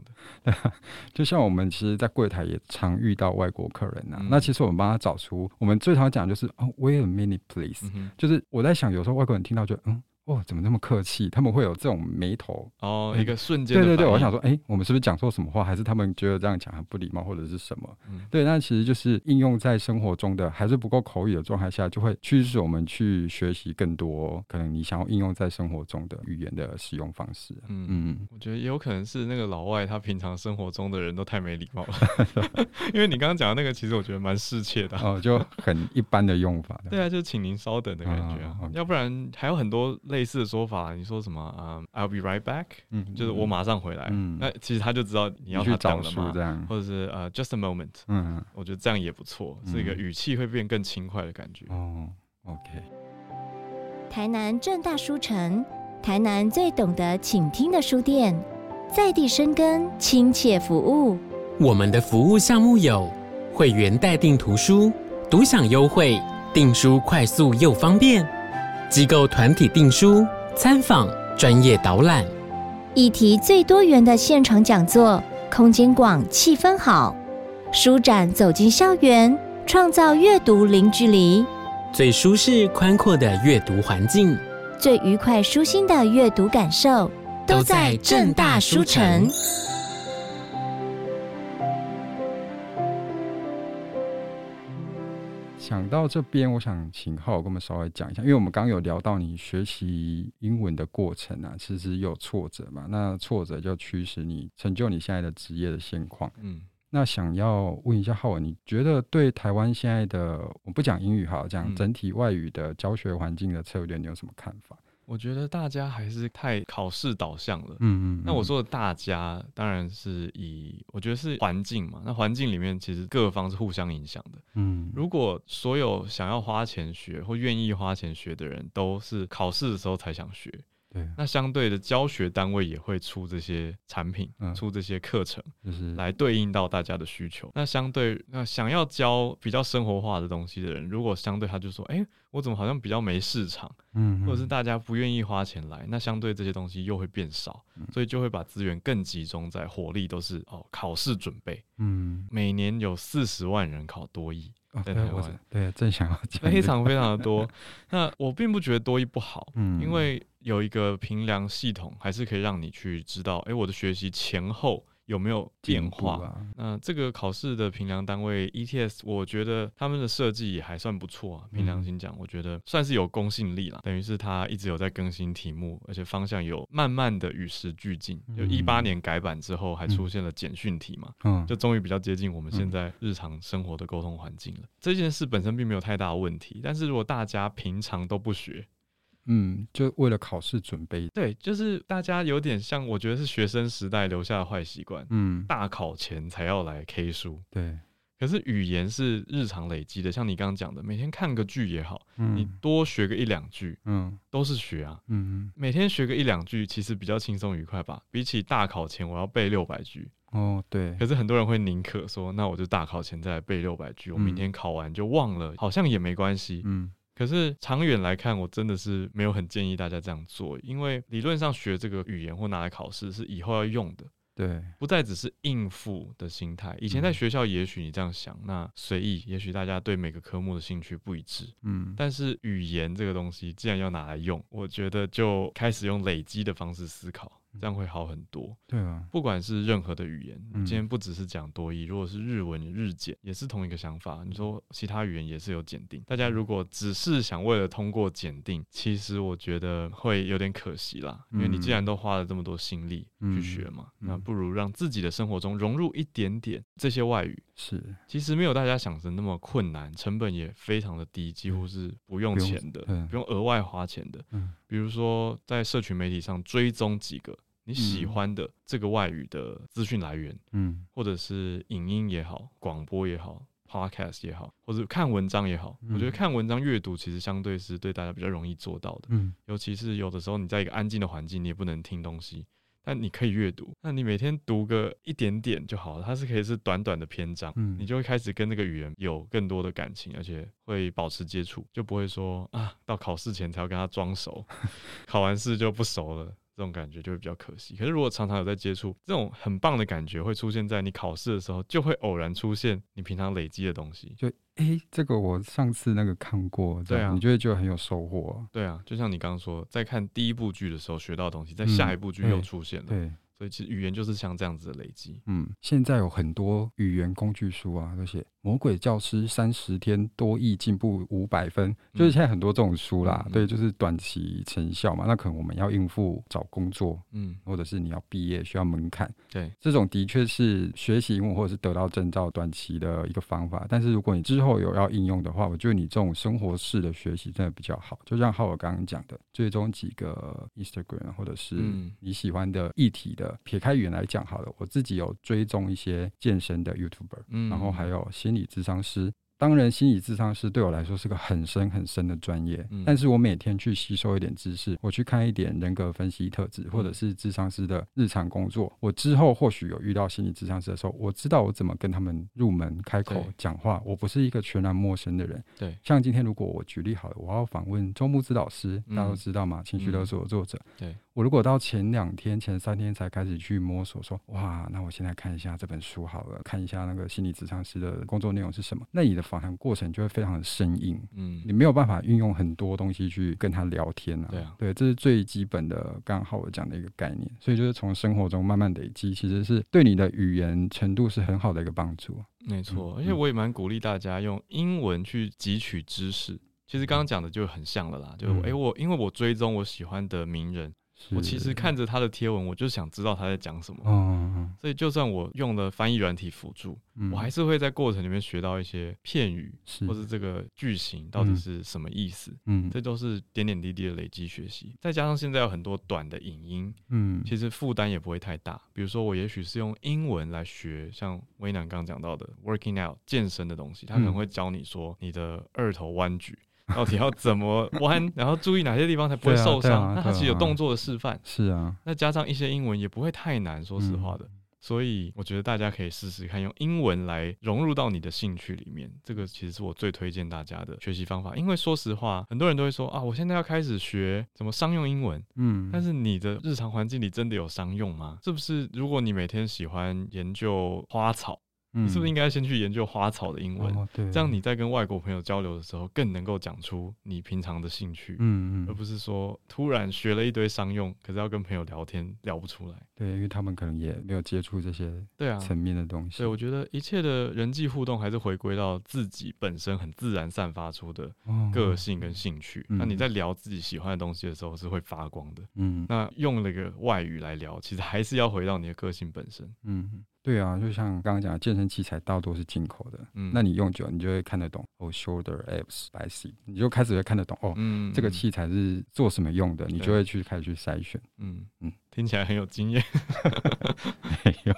的。就像我們其實，在櫃台也常遇到外國客人呢。那其實。我們幫他找出，我們最常講就是哦、oh, wait a minute, please。、嗯、哼就是我在想，有時候外國人聽到就嗯。哦，怎麼那麼客氣？他們會有這種眉頭哦，一個瞬間。對，對對對，我想說，哎、欸，我們是不是講錯什麼話，還是他們覺得這樣講很不禮貌，或者是什麼？嗯、對，那其實就是應用在生活中的，還是不夠口語的狀態下，就會驅使我們去學習更多可能你想要應用在生活中的語言的使用方式。嗯嗯，嗯我覺得也有可能是那個老外他平常生活中的人都太沒禮貌了， 因為你剛剛講的那個，其實我覺得蠻適切的、啊、哦，就很一般的用法的。對啊，就請您稍等的感覺啊，哦 okay、要不然還有很多類類似的說法，你說什麼？嗯、um,，I'll be right back，嗯，就是我馬上回來。嗯，那其實他就知道你要嗎去找了嘛。或者是呃、uh,，just a moment，嗯，我覺得這樣也不錯，這、嗯、個語氣會變更輕快的感覺。哦，OK。台南政大書城，台南最懂得傾聽的書店，在地生根，親切服務。我們的服務項目有會員代訂圖書，獨享優惠，訂書快速又方便。機構團體訂書、參訪、專業導覽、議題最多元的現場講座，空間廣、氣氛好，書展走進校園，創造閱讀零距離，最舒適寬闊的閱讀環境，最愉快舒心的閱讀感受，都在政大書城。想到這邊，我想請浩爾跟我們稍微講一下，因為我們剛剛有聊到你學習英文的過程啊，其實有挫折嘛，那挫折就驅使你成就你現在的職業的現況。嗯，那想要問一下浩爾，你覺得對台灣現在的，我不講英語哈，講整體外語的教學環境的策略，你有什麼看法？我覺得大家還是太考試導向了。嗯，嗯嗯，那我說的大家當然是以我覺得是環境嘛。那環境裡面其實各方是互相影響的。嗯，如果所有想要花錢學或願意花錢學的人都是考試的時候才想學，對，那相對的教學單位也會出這些產品，嗯、出這些課程，就是、來對應到大家的需求。那相對，那想要教比較生活化的東西的人，如果相對他就說，誒、欸，我怎麼好像比較沒市場，嗯，嗯或者是大家不願意花錢來，那相對這些東西又會變少，所以就會把資源更集中在火力都是哦考試準備，嗯，每年有四十萬人考多益。Okay，對，台我對，我對正想要講非常非常的多。 那我並不覺得多一不好，嗯，因為有一個評量系統，還是可以讓你去知道，哎，我的學習前後。有沒有變化？那這個考試的評量單位 ETS，我覺得他們的設計也還算不錯啊。憑良心講，我覺得算是有公信力了。嗯、等於是他一直有在更新題目，而且方向有慢慢的與時俱進。嗯、就一八年改版之後，還出現了簡訊題嘛，嗯，就終於比較接近我們現在日常生活的溝通環境了。嗯、這件事本身並沒有太大的問題，但是如果大家平常都不學，嗯，就為了考試準備，對，就是大家有點像，我覺得是學生時代留下的壞習慣。嗯，大考前才要來 K 書，對。可是語言是日常累積的，像你剛剛講的，每天看個劇也好，嗯，你多學個一兩句，嗯，都是學啊，嗯哼，每天學個一兩句，其實比較輕鬆愉快吧。比起大考前我要背六百句，哦，對。可是很多人會寧可說，那我就大考前再背六百句，嗯，我明天考完就忘了，好像也沒關係，嗯。可是長遠來看，我真的是沒有很建議大家這樣做，因為理論上學這個語言或拿來考試是以後要用的，對，不再只是應付的心態。以前在學校，也許你這樣想，嗯、那隨意，也許大家對每個科目的興趣不一致，嗯，但是語言這個東西，既然要拿來用，我覺得就開始用累積的方式思考。這樣會好很多，對啊。不管是任何的語言，今天不只是講多益，如果是日文日檢，也是同一個想法。你說其他語言也是有檢定，大家如果只是想為了通過檢定，其實我覺得會有點可惜啦，因為你既然都花了這麼多心力去學嘛，那不如讓自己的生活中融入一點點這些外語。是，其實沒有大家想的那麼困難，成本也非常的低，幾乎是不用錢的，不用額外花錢的。比如說，在社群媒體上追蹤幾個你喜歡的這個外語的資訊來源，嗯嗯、或者是影音也好，廣播也好，Podcast 也好，或者看文章也好，嗯、我覺得看文章閱讀其實相對是對大家比較容易做到的，嗯、尤其是有的時候你在一個安靜的環境，你也不能聽東西。那你可以閱讀，那你每天讀個一點點就好了，它是可以是短短的篇章，嗯，你就會開始跟那個語言有更多的感情，而且會保持接觸，就不會說啊，到考試前才要跟他裝熟， 考完試就不熟了。這種感覺就會比較可惜。可是如果常常有在接觸，這種很棒的感覺會出現在你考試的時候，就會偶然出現你平常累積的東西。就誒，欸，這個我上次那個看過。對。對啊，你覺得就很有收穫啊。對啊，就像你剛剛說，在看第一部劇的時候學到東西，在下一部劇又出現了。嗯，欸，對，所以其實語言就是像這樣子的累積。嗯，現在有很多語言工具書啊，那些。魔鬼教師三十天多益進步五百分，就是現在很多這種書啦，嗯、對，就是短期成效嘛。那可能我們要應付找工作，嗯，或者是你要畢業需要門檻，對，這種的確是學習或者是得到證照短期的一個方法。但是如果你之後有要應用的話，我覺得你這種生活式的學習真的比較好。就像浩爾剛剛講的，最終幾個 Instagram 或者是你喜歡的議題的，撇開語言來講好了。我自己有追蹤一些健身的 YouTuber，嗯，然後還有新。心理諮詢師。當然，心理諮商師對我來說是個很深很深的專業。嗯，但是我每天去吸收一點知識，我去看一點人格分析特質，或者是諮商師的日常工作。嗯、我之後或許有遇到心理諮商師的時候，我知道我怎麼跟他們入門、開口講話。對我不是一個全然陌生的人。對，像今天如果我舉例好了，我要訪問周慕姿老師，大家都知道嘛，情緒勒索的作者。嗯嗯、對我如果到前兩天、前三天才開始去摸索說，說哇，那我現在看一下這本書好了，看一下那個心理諮商師的工作內容是什麼。那你的。訪談過程就會非常的生硬，嗯，你沒有辦法運用很多東西去跟他聊天啊，對啊，對，這是最基本的。剛剛好我講的一個概念，所以就是從生活中慢慢累積，其實是對你的語言程度是很好的一個幫助，嗯。沒錯，而且我也蠻鼓勵大家用英文去汲取知識。其實剛剛講的就很像了啦，就是、欸、我因為我追蹤我喜歡的名人。我其實看着他的貼文，我就想知道他在講什麼。所以就算我用了翻譯軟體輔助，我還是會在過程裡面學到一些片語，或是這個句型到底是什麼意思。嗯，這都是點點滴滴的累積學習。再加上現在有很多短的影音，嗯，其實負擔也不會太大。比如說，我也許是用英文來學，像威南剛剛講到的 working out 健身的東西，他可能會教你說你的二頭彎舉。 到底要怎麼彎？ 然後注意哪些地方才不會受傷？啊啊啊、那它其實有動作的示範，是啊。那、啊啊、加上一些英文也不會太難，說實話的。嗯、所以我覺得大家可以試試看，用英文來融入到你的興趣裡面，這個其實是我最推薦大家的學習方法。因為說實話，很多人都會說啊，我現在要開始學怎麼商用英文，嗯。但是你的日常環境裡真的有商用嗎？是不是？如果你每天喜歡研究花草？你是不是應該先去研究花草的英文？哦、對。這樣你在跟外國朋友交流的時候，更能夠講出你平常的興趣。嗯嗯，而不是說突然學了一堆商用，可是要跟朋友聊天聊不出來。對，因為他們可能也沒有接觸這些對啊層面的東西對、啊。對，我覺得一切的人際互動還是回歸到自己本身很自然散發出的個性跟興趣。哦、那你在聊自己喜歡的東西的時候是會發光的。嗯，那用了個外語來聊，其實還是要回到你的個性本身。嗯。對啊，就像剛剛講的，健身器材大多都是進口的。嗯，那你用久，你就會看得懂哦。Oh, shoulder abs spicy，你就開始會看得懂哦。嗯、這個器材是做什麼用的？對你就會去開始去篩選。嗯嗯，嗯聽起來很有經驗。 沒有。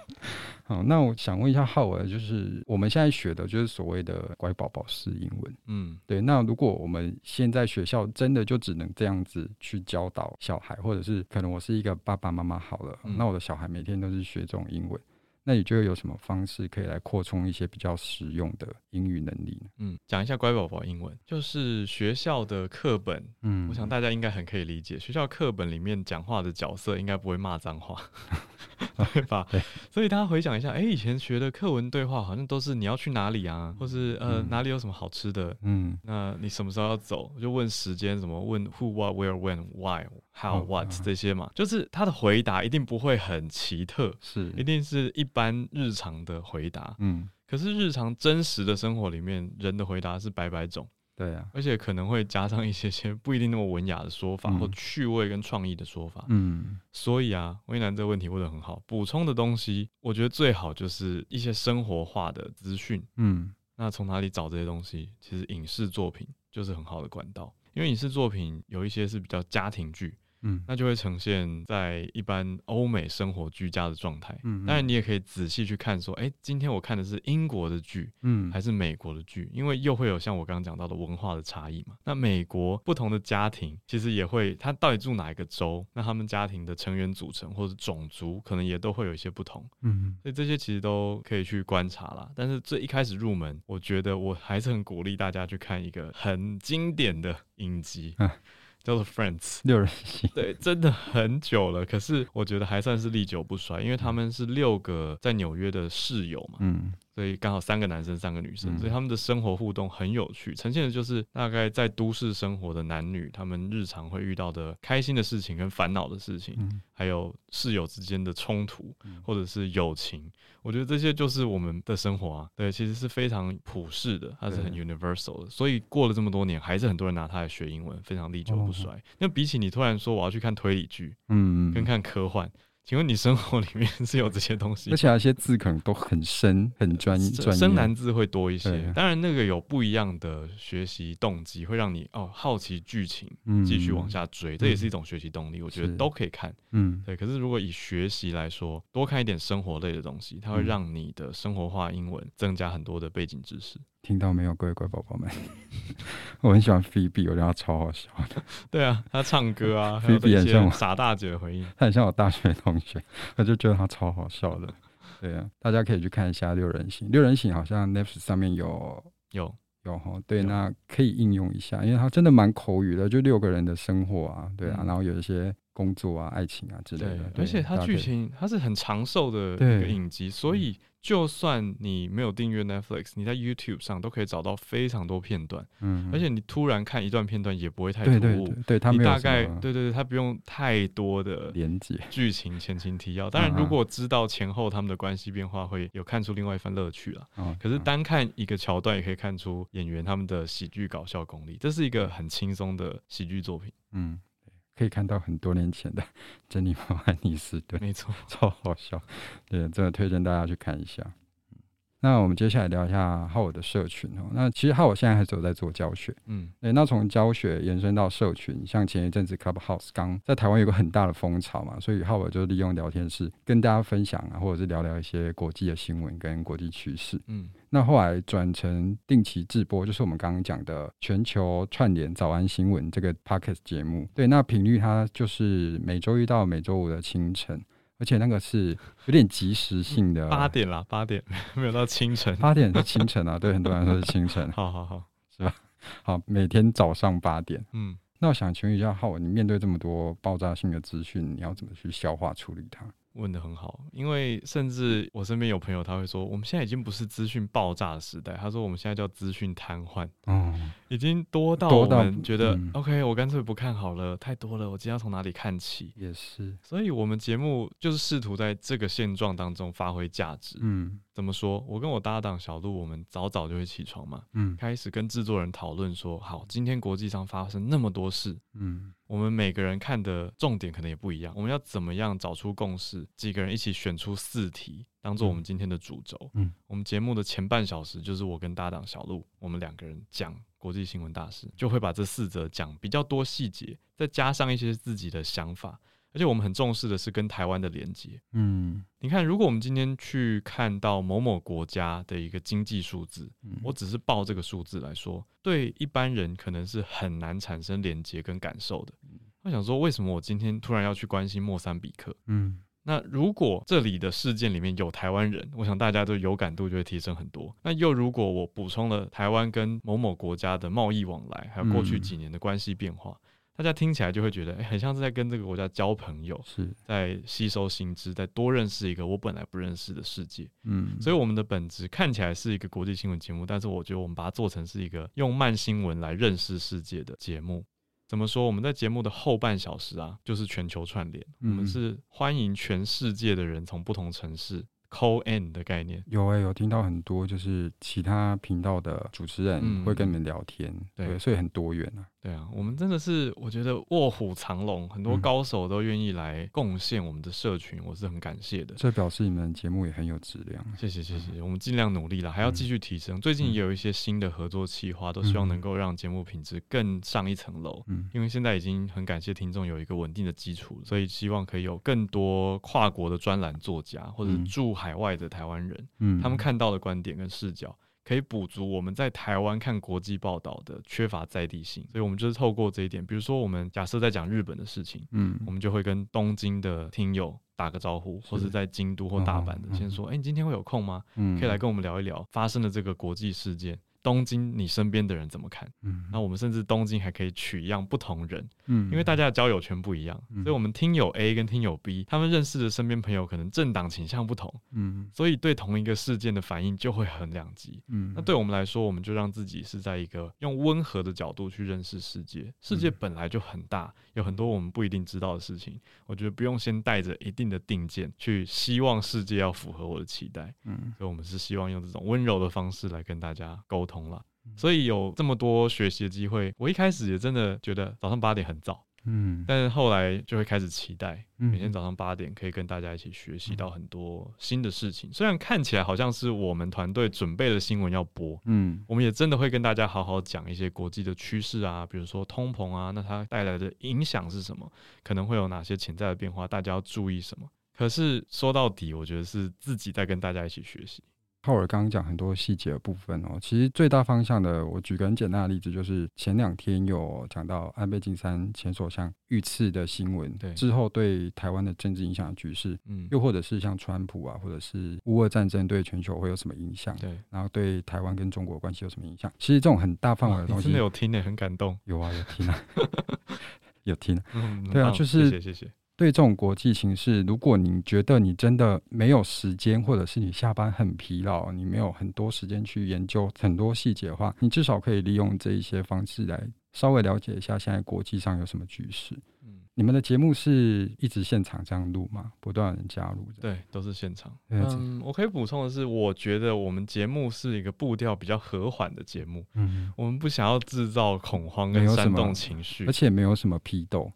好，那我想問一下浩爾，就是我們現在學的，就是所謂的乖寶寶式英文。嗯，對。那如果我們現在學校真的就只能這樣子去教導小孩，或者是可能我是一個爸爸媽媽好了，嗯、那我的小孩每天都是學這種英文。那你覺得有什麼方式可以來擴充一些比較實用的英語能力呢？嗯，講一下乖寶寶英文，就是學校的課本。嗯，我想大家應該很可以理解，學校課本裡面講話的角色應該不會罵髒話， 對吧？對。所以大家回想一下，哎、欸，以前學的課文對話好像都是你要去哪裡啊，或是呃、嗯、哪裡有什麼好吃的，嗯，那你什麼時候要走？我就問時間，什麼問 who, what, where, when, why。還有 How , what、oh, uh, 這些嘛，就是他的回答一定不會很奇特，是，一定是一般日常的回答。嗯，可是日常真實的生活裡面，人的回答是百百種。對啊，而且可能會加上一些些不一定那麼文雅的說法，嗯、或趣味跟創意的說法。嗯，所以啊，巍楠這個問題問的很好，補充的東西，我覺得最好就是一些生活化的資訊。嗯，那從哪裡找這些東西？其實影視作品就是很好的管道，因為影視作品有一些是比較家庭劇。嗯，那就會呈現在一般歐美生活居家的狀態。嗯，嗯，當然你也可以仔細去看，說，哎、欸，今天我看的是英國的劇，嗯，還是美國的劇？因為又會有像我剛剛講到的文化的差異嘛。那美國不同的家庭其實也會，他到底住哪一個州？那他們家庭的成員組成或者種族，可能也都會有一些不同。嗯，嗯，所以這些其實都可以去觀察啦。但是這一開始入門，我覺得我還是很鼓勵大家去看一個很經典的影集。啊叫做 Friends，六人行。 對，真的很久了，可是我覺得還算是歷久不衰，因為他們是六個在紐約的室友嘛。嗯。所以剛好三個男生，三個女生，所以他們的生活互動很有趣，嗯、呈現的就是大概在都市生活的男女，他們日常會遇到的開心的事情跟煩惱的事情，嗯、還有室友之間的衝突、嗯、或者是友情，我覺得這些就是我們的生活啊，對，其實是非常普世的，它是很 universal 的，對所以過了這麼多年，還是很多人拿它來學英文，非常歷久不衰。哦、那比起你突然說我要去看推理劇，嗯、嗯，跟看科幻。請問你生活裡面是有這些東西，而且那些字可能都很深，很專專業，生難字會多一些。對當然，那個有不一樣的學習動機，會讓你哦好奇劇情，繼續往下追，嗯、這也是一種學習動力。我覺得都可以看，嗯，對。可是如果以學習來說，多看一點生活類的東西，它會讓你的生活化英文增加很多的背景知識。聽到沒有，各位乖寶寶們？我很喜歡菲比，我覺得他超好笑的。對啊，他唱歌啊，菲比很像我傻大姐的回應，他很像我大學同學，我就覺得他超好笑的。對啊，大家可以去看一下六人行，六人行好像 Netflix 上面有有有哈。對，那可以應用一下，因為他真的蠻口語的，就六個人的生活啊，對啊，然後有一些工作啊、愛情啊之類的。對，而且他劇情他是很長壽的一個影集，所以。就算你沒有訂閱 Netflix，你在 YouTube 上都可以找到非常多片段。嗯、哼而且你突然看一段片段也不會太突兀，你大概對對對，它不用太多的連接劇情、前情提要。連結 當然，如果知道前後他們的關係變化，會有看出另外一番樂趣了。嗯、哼可是單看一個橋段，也可以看出演員他們的喜劇搞笑功力。這是一個很輕鬆的喜劇作品。嗯。可以看到很多年前的珍妮弗·安妮斯頓，對，沒錯，超好笑，對，真的推薦大家去看一下。那我們接下來聊一下浩爾的社群哦。那其實浩爾現在還是有在做教學，嗯誒，那從教學延伸到社群，像前一陣子 Clubhouse 剛在台灣有個很大的風潮嘛，所以浩爾就利用聊天室跟大家分享啊，或者是聊聊一些國際的新聞跟國際趨勢。嗯，那後來轉成定期直播，就是我們剛剛講的全球串聯早安新聞這個 Podcast 節目。對，那頻率它就是每周一到每周五的清晨。而且那個是有點即時性的，八點啦，八點沒有到清晨，八 點是清晨啊，對很多人說是清晨。 好好好，是吧？好，每天早上八點，嗯，那我想請問一下浩爾，你面對這麼多爆炸性的資訊，你要怎麼去消化處理它？問得很好，因為甚至我身邊有朋友他會說，我們現在已經不是資訊爆炸的時代，他說我們現在叫資訊癱瘓，嗯，已經多到我們覺得，嗯，OK，我乾脆不看好了，太多了，我今天要從哪裡看起？也是，所以我們節目就是試圖在這個現狀當中發揮價值，嗯。怎麼說？我跟我搭檔小鹿，我們早早就會起床嘛，嗯，開始跟制作人討論說，好，今天國際上發生那麼多事，嗯，我們每個人看的重點可能也不一樣，我們要怎麼樣找出共識？幾個人一起選出四題，當做我們今天的主軸。嗯，我們節目的前半小時就是我跟搭檔小鹿，我們兩個人講國際新聞大事，就會把這四則講比較多細節，再加上一些自己的想法。而且我們很重視的是跟台灣的連接。嗯，你看，如果我們今天去看到某某國家的一個經濟數字，我只是報這個數字來說，對一般人可能是很難產生連接跟感受的。我想說，為什麼我今天突然要去關心莫三比克？嗯，那如果這裡的事件裡面有台灣人，我想大家都有感度就會提升很多。那又如果我補充了台灣跟某某國家的貿易往來，還有過去幾年的關係變化。大家聽起來就會覺得，哎、欸，很像是在跟這個國家交朋友，是在吸收新知，在多認識一個我本來不認識的世界。嗯，所以我們的本質看起來是一個國際新聞節目，但是我覺得我們把它做成是一個用慢新聞來認識世界的節目。怎麼說？我們在節目的後半小時啊，就是全球串聯，嗯、我們是歡迎全世界的人從不同城市 call in 的概念。有誒、欸，有聽到很多就是其他頻道的主持人會跟你們聊天，嗯、對，對，所以很多元啊。對啊，我們真的是，我覺得臥虎藏龍，很多高手都願意來貢獻我們的社群，嗯、我是很感謝的。這表示你們節目也很有質量。嗯、謝謝謝謝，我們盡量努力了，還要繼續提升。嗯、最近也有一些新的合作企劃，都希望能夠讓節目品質更上一層樓。嗯、因為現在已經很感謝聽眾有一個穩定的基礎，所以希望可以有更多跨國的專欄作家，或者駐海外的台灣人，嗯、他們看到的觀點跟視角。可以補足我們在台灣看國際報道的缺乏在地性，所以我們就是透過這一點，比如說我們假設在講日本的事情，嗯，我們就會跟東京的聽友打個招呼，或者在京都或大阪的先說，哎，你今天會有空嗎？可以來跟我們聊一聊發生的這個國際事件。東京，你身邊的人怎麼看？嗯、哼那我們甚至東京還可以取一樣不同人，嗯、哼因為大家的交友圈不一樣，嗯、哼所以我們聽友 A 跟聽友 B，嗯、哼他們認識的身邊朋友可能政黨傾向不同，嗯、哼所以對同一個事件的反應就會很兩極，嗯、哼那對我們來說，我們就讓自己是在一個用溫和的角度去認識世界，世界本來就很大。嗯有很多我們不一定知道的事情，我覺得不用先帶着一定的定見去希望世界要符合我的期待，嗯，所以我們是希望用這種溫柔的方式來跟大家溝通了。所以有這麼多學習的機會，我一開始也真的覺得早上八點很早。嗯，但是後來就會開始期待每天早上八點可以跟大家一起學習到很多新的事情。雖然看起來好像是我們團隊準備的新聞要播，嗯，我們也真的會跟大家好好講一些國際的趨勢啊，比如說通膨啊，那它帶來的影響是什麼？可能會有哪些潛在的變化？大家要注意什麼？可是說到底，我覺得是自己在跟大家一起學習。浩爾剛剛講很多細節的部分哦，其實最大方向的，我舉個很簡單的例子，就是前兩天有講到安倍晉三前首相遇刺的新聞，對之後對台灣的政治影響的局勢，嗯，又或者是像川普啊，或者是烏俄戰爭對全球會有什麼影響？對，然後對台灣跟中國關係有什麼影響？其實這種很大範圍的東西，真的有聽呢，很感動，有啊，有聽啊， 有聽啊，嗯，嗯，對啊，就是，謝謝。謝謝對這種國際情勢，如果你覺得你真的沒有時間，或者是你下班很疲勞，你沒有很多時間去研究很多細節的話，你至少可以利用這一些方式來稍微了解一下現在國際上有什麼局勢。嗯，你們的節目是一直現場這樣錄嗎？不斷人加入這樣這樣？對，都是現場。嗯，我可以補充的是，我覺得我們節目是一個步調比較和緩的節目。嗯，我們不想要制造恐慌跟煽動情緒，而且沒有什麼批鬥。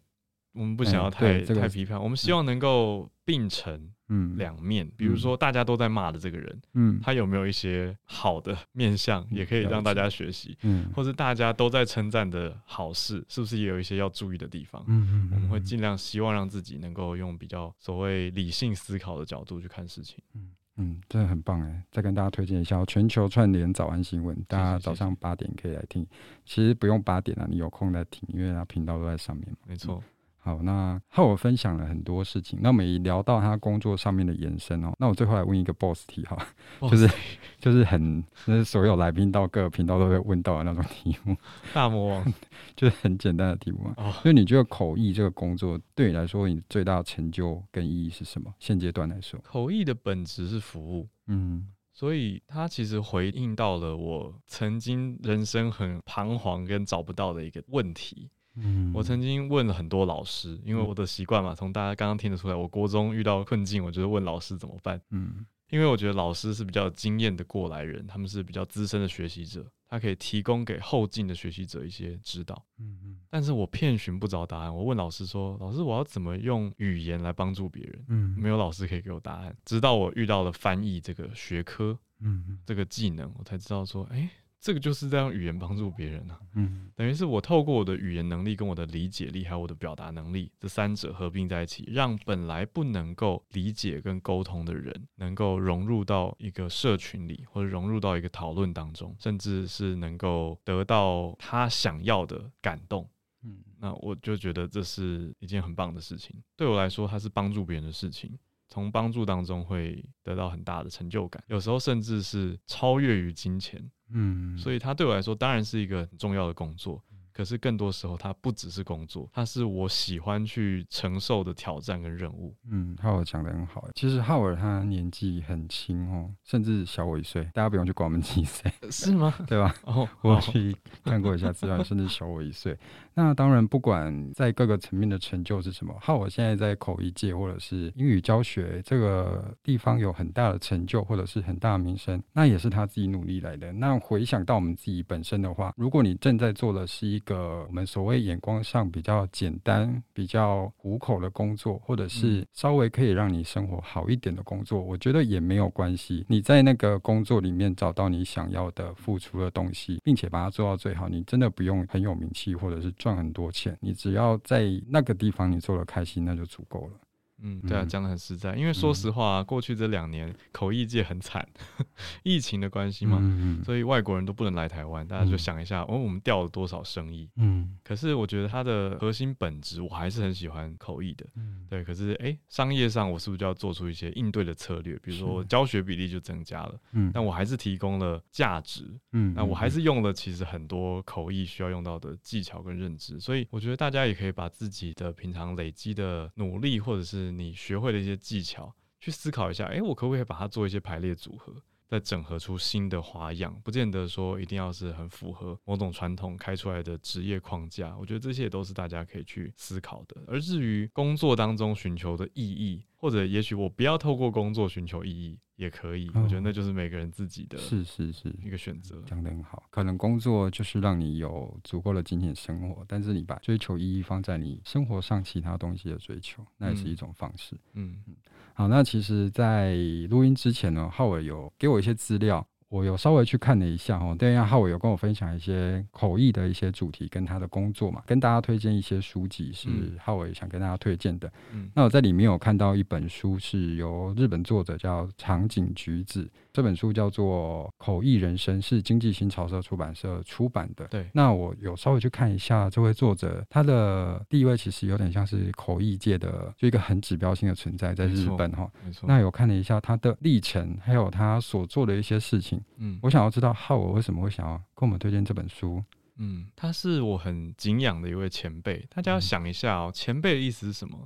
我們不想要太、欸這個、太批判，嗯、我們希望能夠並成嗯兩面。嗯、比如說，大家都在罵的這個人，嗯，他有沒有一些好的面向，也可以讓大家學習、嗯，嗯，或是大家都在稱讚的好事，是不是也有一些要注意的地方？嗯嗯，我們會盡量希望讓自己能夠用比較所謂理性思考的角度去看事情。嗯嗯，真的很棒哎！再跟大家推薦一下《全球串聯早安新聞》，大家早上八點可以來聽。謝謝謝謝，其實不用八點啊，你有空來聽，因為他、啊、頻道都在上面沒錯錯。嗯好，那和我分享了很多事情，那我們一聊到他工作上面的延伸哦。那我最後來問一個題 boss 題哈，就是就是很，就是所有來賓到各個頻道都會問到的那種題目。大魔王 就是很簡單的題目啊。哦。所以你覺得口譯這個工作對你來說，你最大的成就跟意義是什麼？現階段來說，口譯的本質是服務，嗯，所以它其實回應到了我曾經人生很彷徨跟找不到的一個問題。Mm hmm. 我曾經問了很多老師，因為我的習慣嘛，從大家剛剛聽得出來，我國中遇到困境，我就是問老師怎麼辦？Mm hmm. 因為我覺得老師是比較有經驗的過來人，他們是比較資深的學習者，他可以提供給後進的學習者一些指導。Mm hmm. 但是我遍尋不着答案，我問老師說：“老師，我要怎麼用語言來幫助別人？” mm hmm. 沒有老師可以給我答案，直到我遇到了翻譯這個學科，mm hmm. 這個技能，我才知道說，哎、欸。這個就是在用語言幫助別人啊，嗯哼，嗯，等於是我透過我的語言能力、跟我的理解力還有我的表達能力這三者合併在一起，讓本來不能夠理解跟溝通的人，能夠融入到一個社群裡，或者融入到一個討論當中，甚至是能夠得到他想要的感動，嗯，那我就覺得這是一件很棒的事情。對我來說，它是幫助別人的事情，從幫助當中會得到很大的成就感，有時候甚至是超越於金錢。嗯，所以他對我來說當然是一個很重要的工作。可是更多時候，它不只是工作，它是我喜歡去承受的挑戰跟任務。嗯，浩爾講得很好。其實浩爾他年紀很輕哦、喔，甚至小我一歲。大家不用去管我們幾歲，是嗎？ 對吧？哦、我去看過一下資料， 甚至小我一歲。那當然，不管在各個層面的成就是什麼， 浩爾現在在口譯界或者是英語教學這個地方有很大的成就，或者是很大的名聲，那也是他自己努力來的。那回想到我們自己本身的話，如果你正在做的是一個我們所謂眼光上比較簡單、比較糊口的工作，或者是稍微可以讓你生活好一點的工作，我覺得也沒有關係。你在那個工作裡面找到你想要的付出的東西，並且把它做到最好，你真的不用很有名氣，或者是賺很多錢，你只要在那個地方你做得開心，那就足夠了。嗯，對啊，講得、嗯、很實在。因為說實話、啊，嗯、過去這兩年口譯界很慘， 疫情的關係嘛，嗯嗯、所以外國人都不能來台灣，嗯、大家就想一下，哦，我們掉了多少生意？嗯，可是我覺得它的核心本質，我還是很喜歡口譯的。嗯，對，可是哎、欸，商業上我是不是就要做出一些應對的策略？比如說教學比例就增加了，嗯，但我還是提供了價值，嗯，那我還是用了其實很多口譯需要用到的技巧跟認知，所以我覺得大家也可以把自己的平常累積的努力或者是你學會的一些技巧，去思考一下，哎、欸，我可不可以把它做一些排列組合，再整合出新的花樣？不見得說一定要是很符合某種傳統開出來的職業框架。我覺得這些也都是大家可以去思考的。而至於工作當中尋求的意義，或者，也許我不要透過工作尋求意義，也可以。哦、我覺得那就是每個人自己的，是是是，一個選擇。講得很好，可能工作就是讓你有足夠的金錢生活，但是你把追求意義放在你生活上其他東西的追求，那也是一種方式。嗯嗯，嗯好，那其實，在錄音之前呢，浩爾有給我一些資料。我有稍微去看了一下哦，因為浩爾有跟我分享一些口譯的一些主題跟他的工作嘛，跟大家推薦一些書籍是浩爾想跟大家推薦的。嗯，那我在裡面有看到一本書是由日本作者叫長井鞠子。這本書叫做《口譯人生》，是經濟新潮社出版社出版的。對，那我有稍微去看一下這位作者，他的地位其實有點像是口譯界的，就一個很指標性的存在，在日本哈。沒錯。哦、沒錯，那有看了一下他的歷程，還有他所做的一些事情。嗯，我想要知道浩爾，我為什麼會想要跟我們推薦這本書？嗯，他是我很敬仰的一位前輩。大家要想一下哦，嗯、前輩的意思是什麼？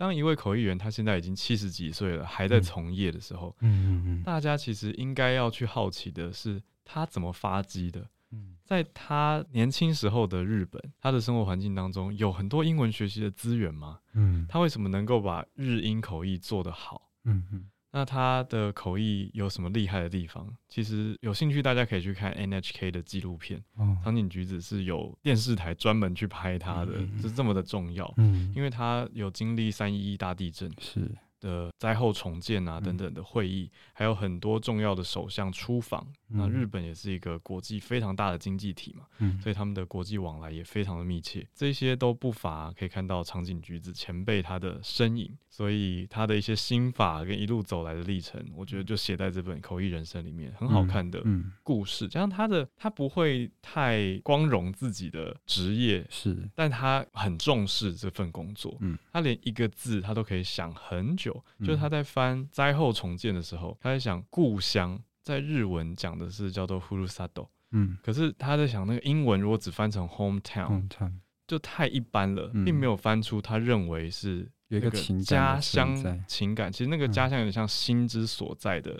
當一位口譯員，他現在已經七十幾歲了，還在從業的時候，嗯嗯，嗯嗯，大家其實應該要去好奇的是，他怎麼發跡的？嗯，在他年輕時候的日本，他的生活環境當中有很多英文學習的資源嗎？嗯，他為什麼能夠把日英口譯做得好？嗯嗯。嗯嗯那他的口譯有什麼厲害的地方？其實有興趣大家可以去看 NHK 的紀錄片，哦、長井鞠子是有電視台專門去拍他的，嗯嗯嗯是這麼的重要。嗯嗯因為他有經歷三一一大地震。是。的災後重建啊等等的會議，嗯、還有很多重要的首相出訪。嗯、那日本也是一個國際非常大的經濟體嘛，嗯、所以他們的國際往來也非常的密切。嗯、這些都不乏可以看到長井菊子前輩他的身影，所以他的一些心法跟一路走來的歷程，我覺得就寫在這本口譯人生裡面，嗯、很好看的故事。加上，嗯嗯、他的他不會太光榮自己的職業是的，但他很重視這份工作，嗯，他連一個字他都可以想很久。就是他在翻災後重建的時候，嗯、他在想故鄉，在日文講的是叫做呼嚕薩斗，嗯、可是他在想那個英文如果只翻成 hometown，Hometown, 就太一般了，嗯、並沒有翻出他認為是有一個家鄉情感。其實那個家鄉有點像心之所在的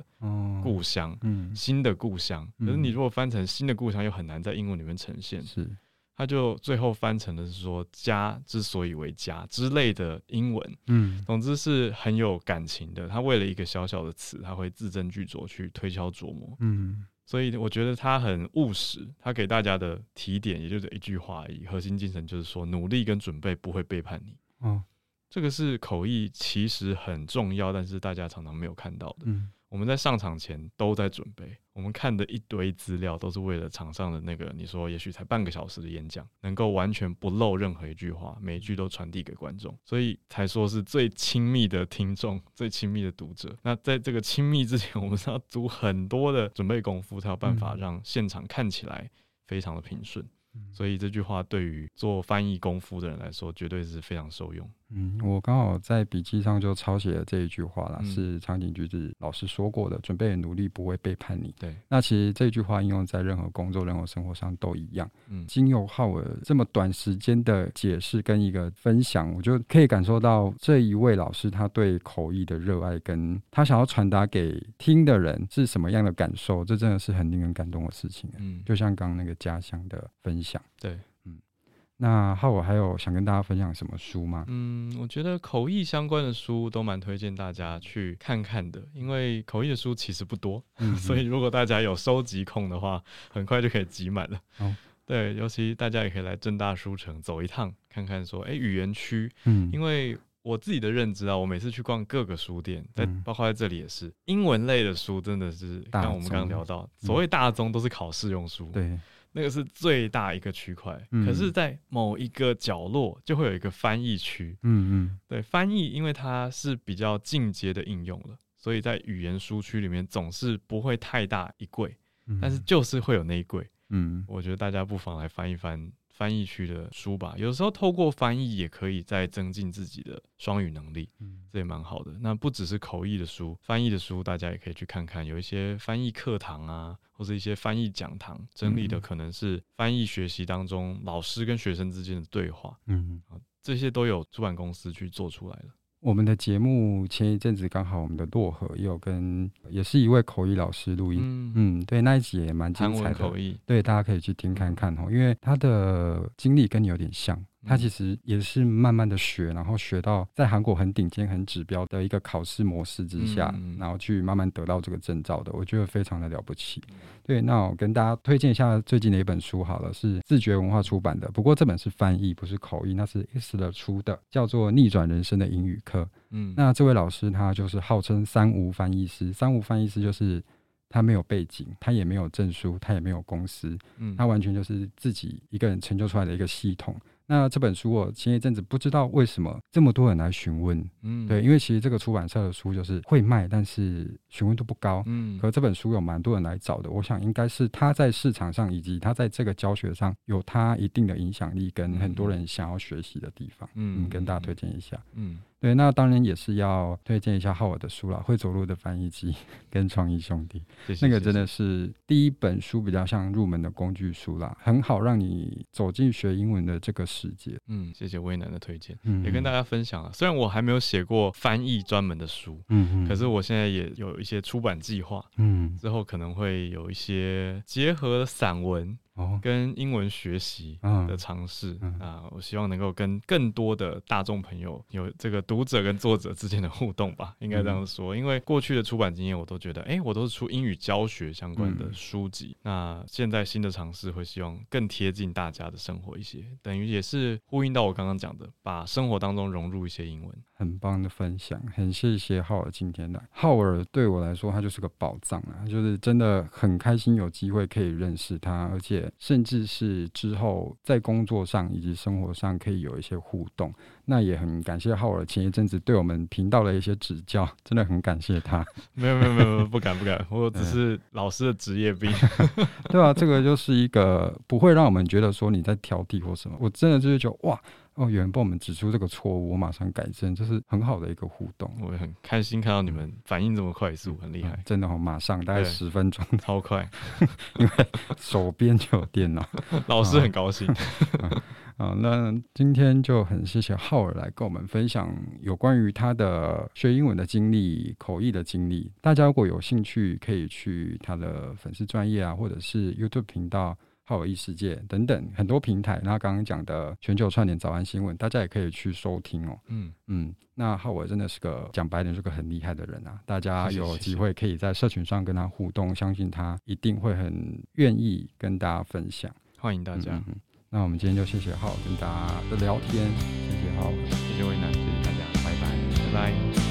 故鄉，哦、新的故鄉。嗯、可是你如果翻成新的故鄉，又很難在英文裡面呈現。是。他就最後翻成的是說“家之所以為家”之類的英文，嗯，嗯，總之是很有感情的。他為了一個小小的詞，他會字斟句酌去推敲琢磨，嗯，嗯，所以我覺得他很務實。他給大家的提點，也就是一句話而已。核心精神就是說，努力跟準備不會背叛你。嗯，哦、這個是口譯其實很重要，但是大家常常沒有看到的。嗯。我們在上場前都在準備，我們看的一堆資料都是為了場上的那個，你說也許才半個小時的演講，能夠完全不漏任何一句話，每一句都傳遞給觀眾，所以才說是最親密的聽眾，最親密的讀者。那在這個親密之前，我們是要做很多的準備功夫，才有辦法讓現場看起來非常的平順。嗯、所以這句話對於做翻譯功夫的人來說，絕對是非常受用。嗯，我剛好在筆記上就抄寫了這一句話啦。嗯、是場景句子長井鞠子老師說過的，準備努力不會背叛你。對，那其實這一句話應用在任何工作、任何生活上都一樣。嗯，經由浩爾這麼短時間的解釋跟一個分享，我就可以感受到這一位老師他對口譯的熱愛，跟他想要傳達給聽的人是什麼樣的感受，這真的是很令人感動的事情。嗯，就像剛剛那個家鄉的分享。對。那浩，我還有想跟大家分享什麼書嗎？嗯，我覺得口譯相關的書都蠻推薦大家去看看的，因為口譯的書其實不多，嗯、哼 所以如果大家有收集控的話，很快就可以集滿了。哦、對，尤其大家也可以來政大書城走一趟，看看說，哎，語言區，嗯，因為我自己的認知啊，我每次去逛各個書店，在、嗯、包括在這裡也是，英文類的書真的是，像宗我們剛剛聊到，嗯、所謂大宗都是考試用書，嗯、對。那個是最大一個區塊，嗯嗯，可是，在某一個角落就會有一個翻譯區。嗯嗯，對，翻譯因為它是比較進階的應用了，所以在語言書區裡面總是不會太大一櫃，嗯嗯，但是就是會有那一櫃。嗯，嗯，我覺得大家不妨來翻一翻翻譯區的書吧。有時候透過翻譯也可以再增進自己的雙語能力，這也蠻好的。那不只是口譯的書，翻譯的書大家也可以去看看。有一些翻譯課堂啊。或者一些翻譯講堂整理的，可能是翻譯學習當中老師跟學生之間的對話，嗯，這些都有出版公司去做出來的。我們的節目前一陣子剛好，我們的洛河也有跟也是一位口譯老師錄音，嗯，嗯，對，那一集也蠻精彩的，口譯，對，大家可以去聽看看哦，嗯，因為他的經歷跟你有點像。他其實也是慢慢的學，然後學到在韓國很頂尖、很指標的一個考試模式之下，然後去慢慢得到這個證照的，我覺得非常的了不起。對，那我跟大家推薦一下最近的一本書好了，是自覺文化出版的，不過這本是翻譯，不是口譯，那是 S 的出的，叫做《逆轉人生的英語課》。嗯，那這位老師他就是號稱“三無翻譯師”，三無翻譯師就是他沒有背景，他也沒有證書，他也沒有公司，他完全就是自己一個人成就出來的一個系統。那這本書，我前一陣子不知道為什麼這麼多人來詢問，嗯，對，因為其實這個出版社的書就是會賣，但是詢問度不高，嗯，可這本書有蠻多人來找的，我想應該是他在市場上以及他在這個教學上有他一定的影響力，跟很多人想要學習的地方，嗯，嗯，跟大家推薦一下，嗯。嗯對，那當然也是要推薦一下浩爾的書啦。《會走路的翻譯機》跟《創譯兄弟》謝謝，那個真的是第一本書，比較像入門的工具書啦，很好讓你走進學英文的這個世界。嗯，謝謝巍楠的推薦，嗯，也跟大家分享了啊。雖然我還沒有寫過翻譯專門的書，嗯，嗯，可是我現在也有一些出版計劃，嗯，之後可能會有一些結合的散文。跟英文學習的嘗試啊，嗯嗯、那我希望能夠跟更多的大眾朋友有這個讀者跟作者之間的互動吧，應該這樣說。嗯、因為過去的出版經驗，我都覺得，誒、欸，我都是出英語教學相關的書籍。嗯、那現在新的嘗試，會希望更貼近大家的生活一些，等於也是呼應到我剛剛講的，把生活當中融入一些英文。很棒的分享，很謝謝浩爾今天的。浩爾對我來說，他就是個寶藏啊，就是真的很開心有機會可以認識他，而且甚至是之後在工作上以及生活上可以有一些互動，那也很感謝浩爾前一陣子對我們頻道的一些指教，真的很感謝他。 沒有沒有沒有，不敢不敢，我只是老師的職業病， 對吧、啊？這個就是一個不會讓我們覺得說你在挑剔或什麼，我真的就是覺得哇。哦，有人幫我們指出這個錯誤，我馬上改正，這是很好的一個互動。我也很開心看到你們反應這麼快速，很厲害，嗯，真的哦，馬上，大概十分鐘，超快， 因為手邊就有電腦，老師很高興。啊、嗯嗯，那今天就很謝謝浩爾來跟我們分享有關於他的學英文的經歷、口譯的經歷。大家如果有興趣，可以去他的粉絲專頁啊，或者是 YouTube 頻道。浩爾譯世界等等很多平台，那剛剛講的全球串聯早安新聞，大家也可以去收聽哦。嗯嗯，那浩爾真的是個，講白點是個很厲害的人啊，大家有機會可以在社群上跟他互動，謝謝謝謝，相信他一定會很願意跟大家分享。歡迎大家、嗯。那我們今天就謝謝浩跟大家的聊天，謝謝浩，謝謝巍楠，謝謝大家，拜拜，拜拜。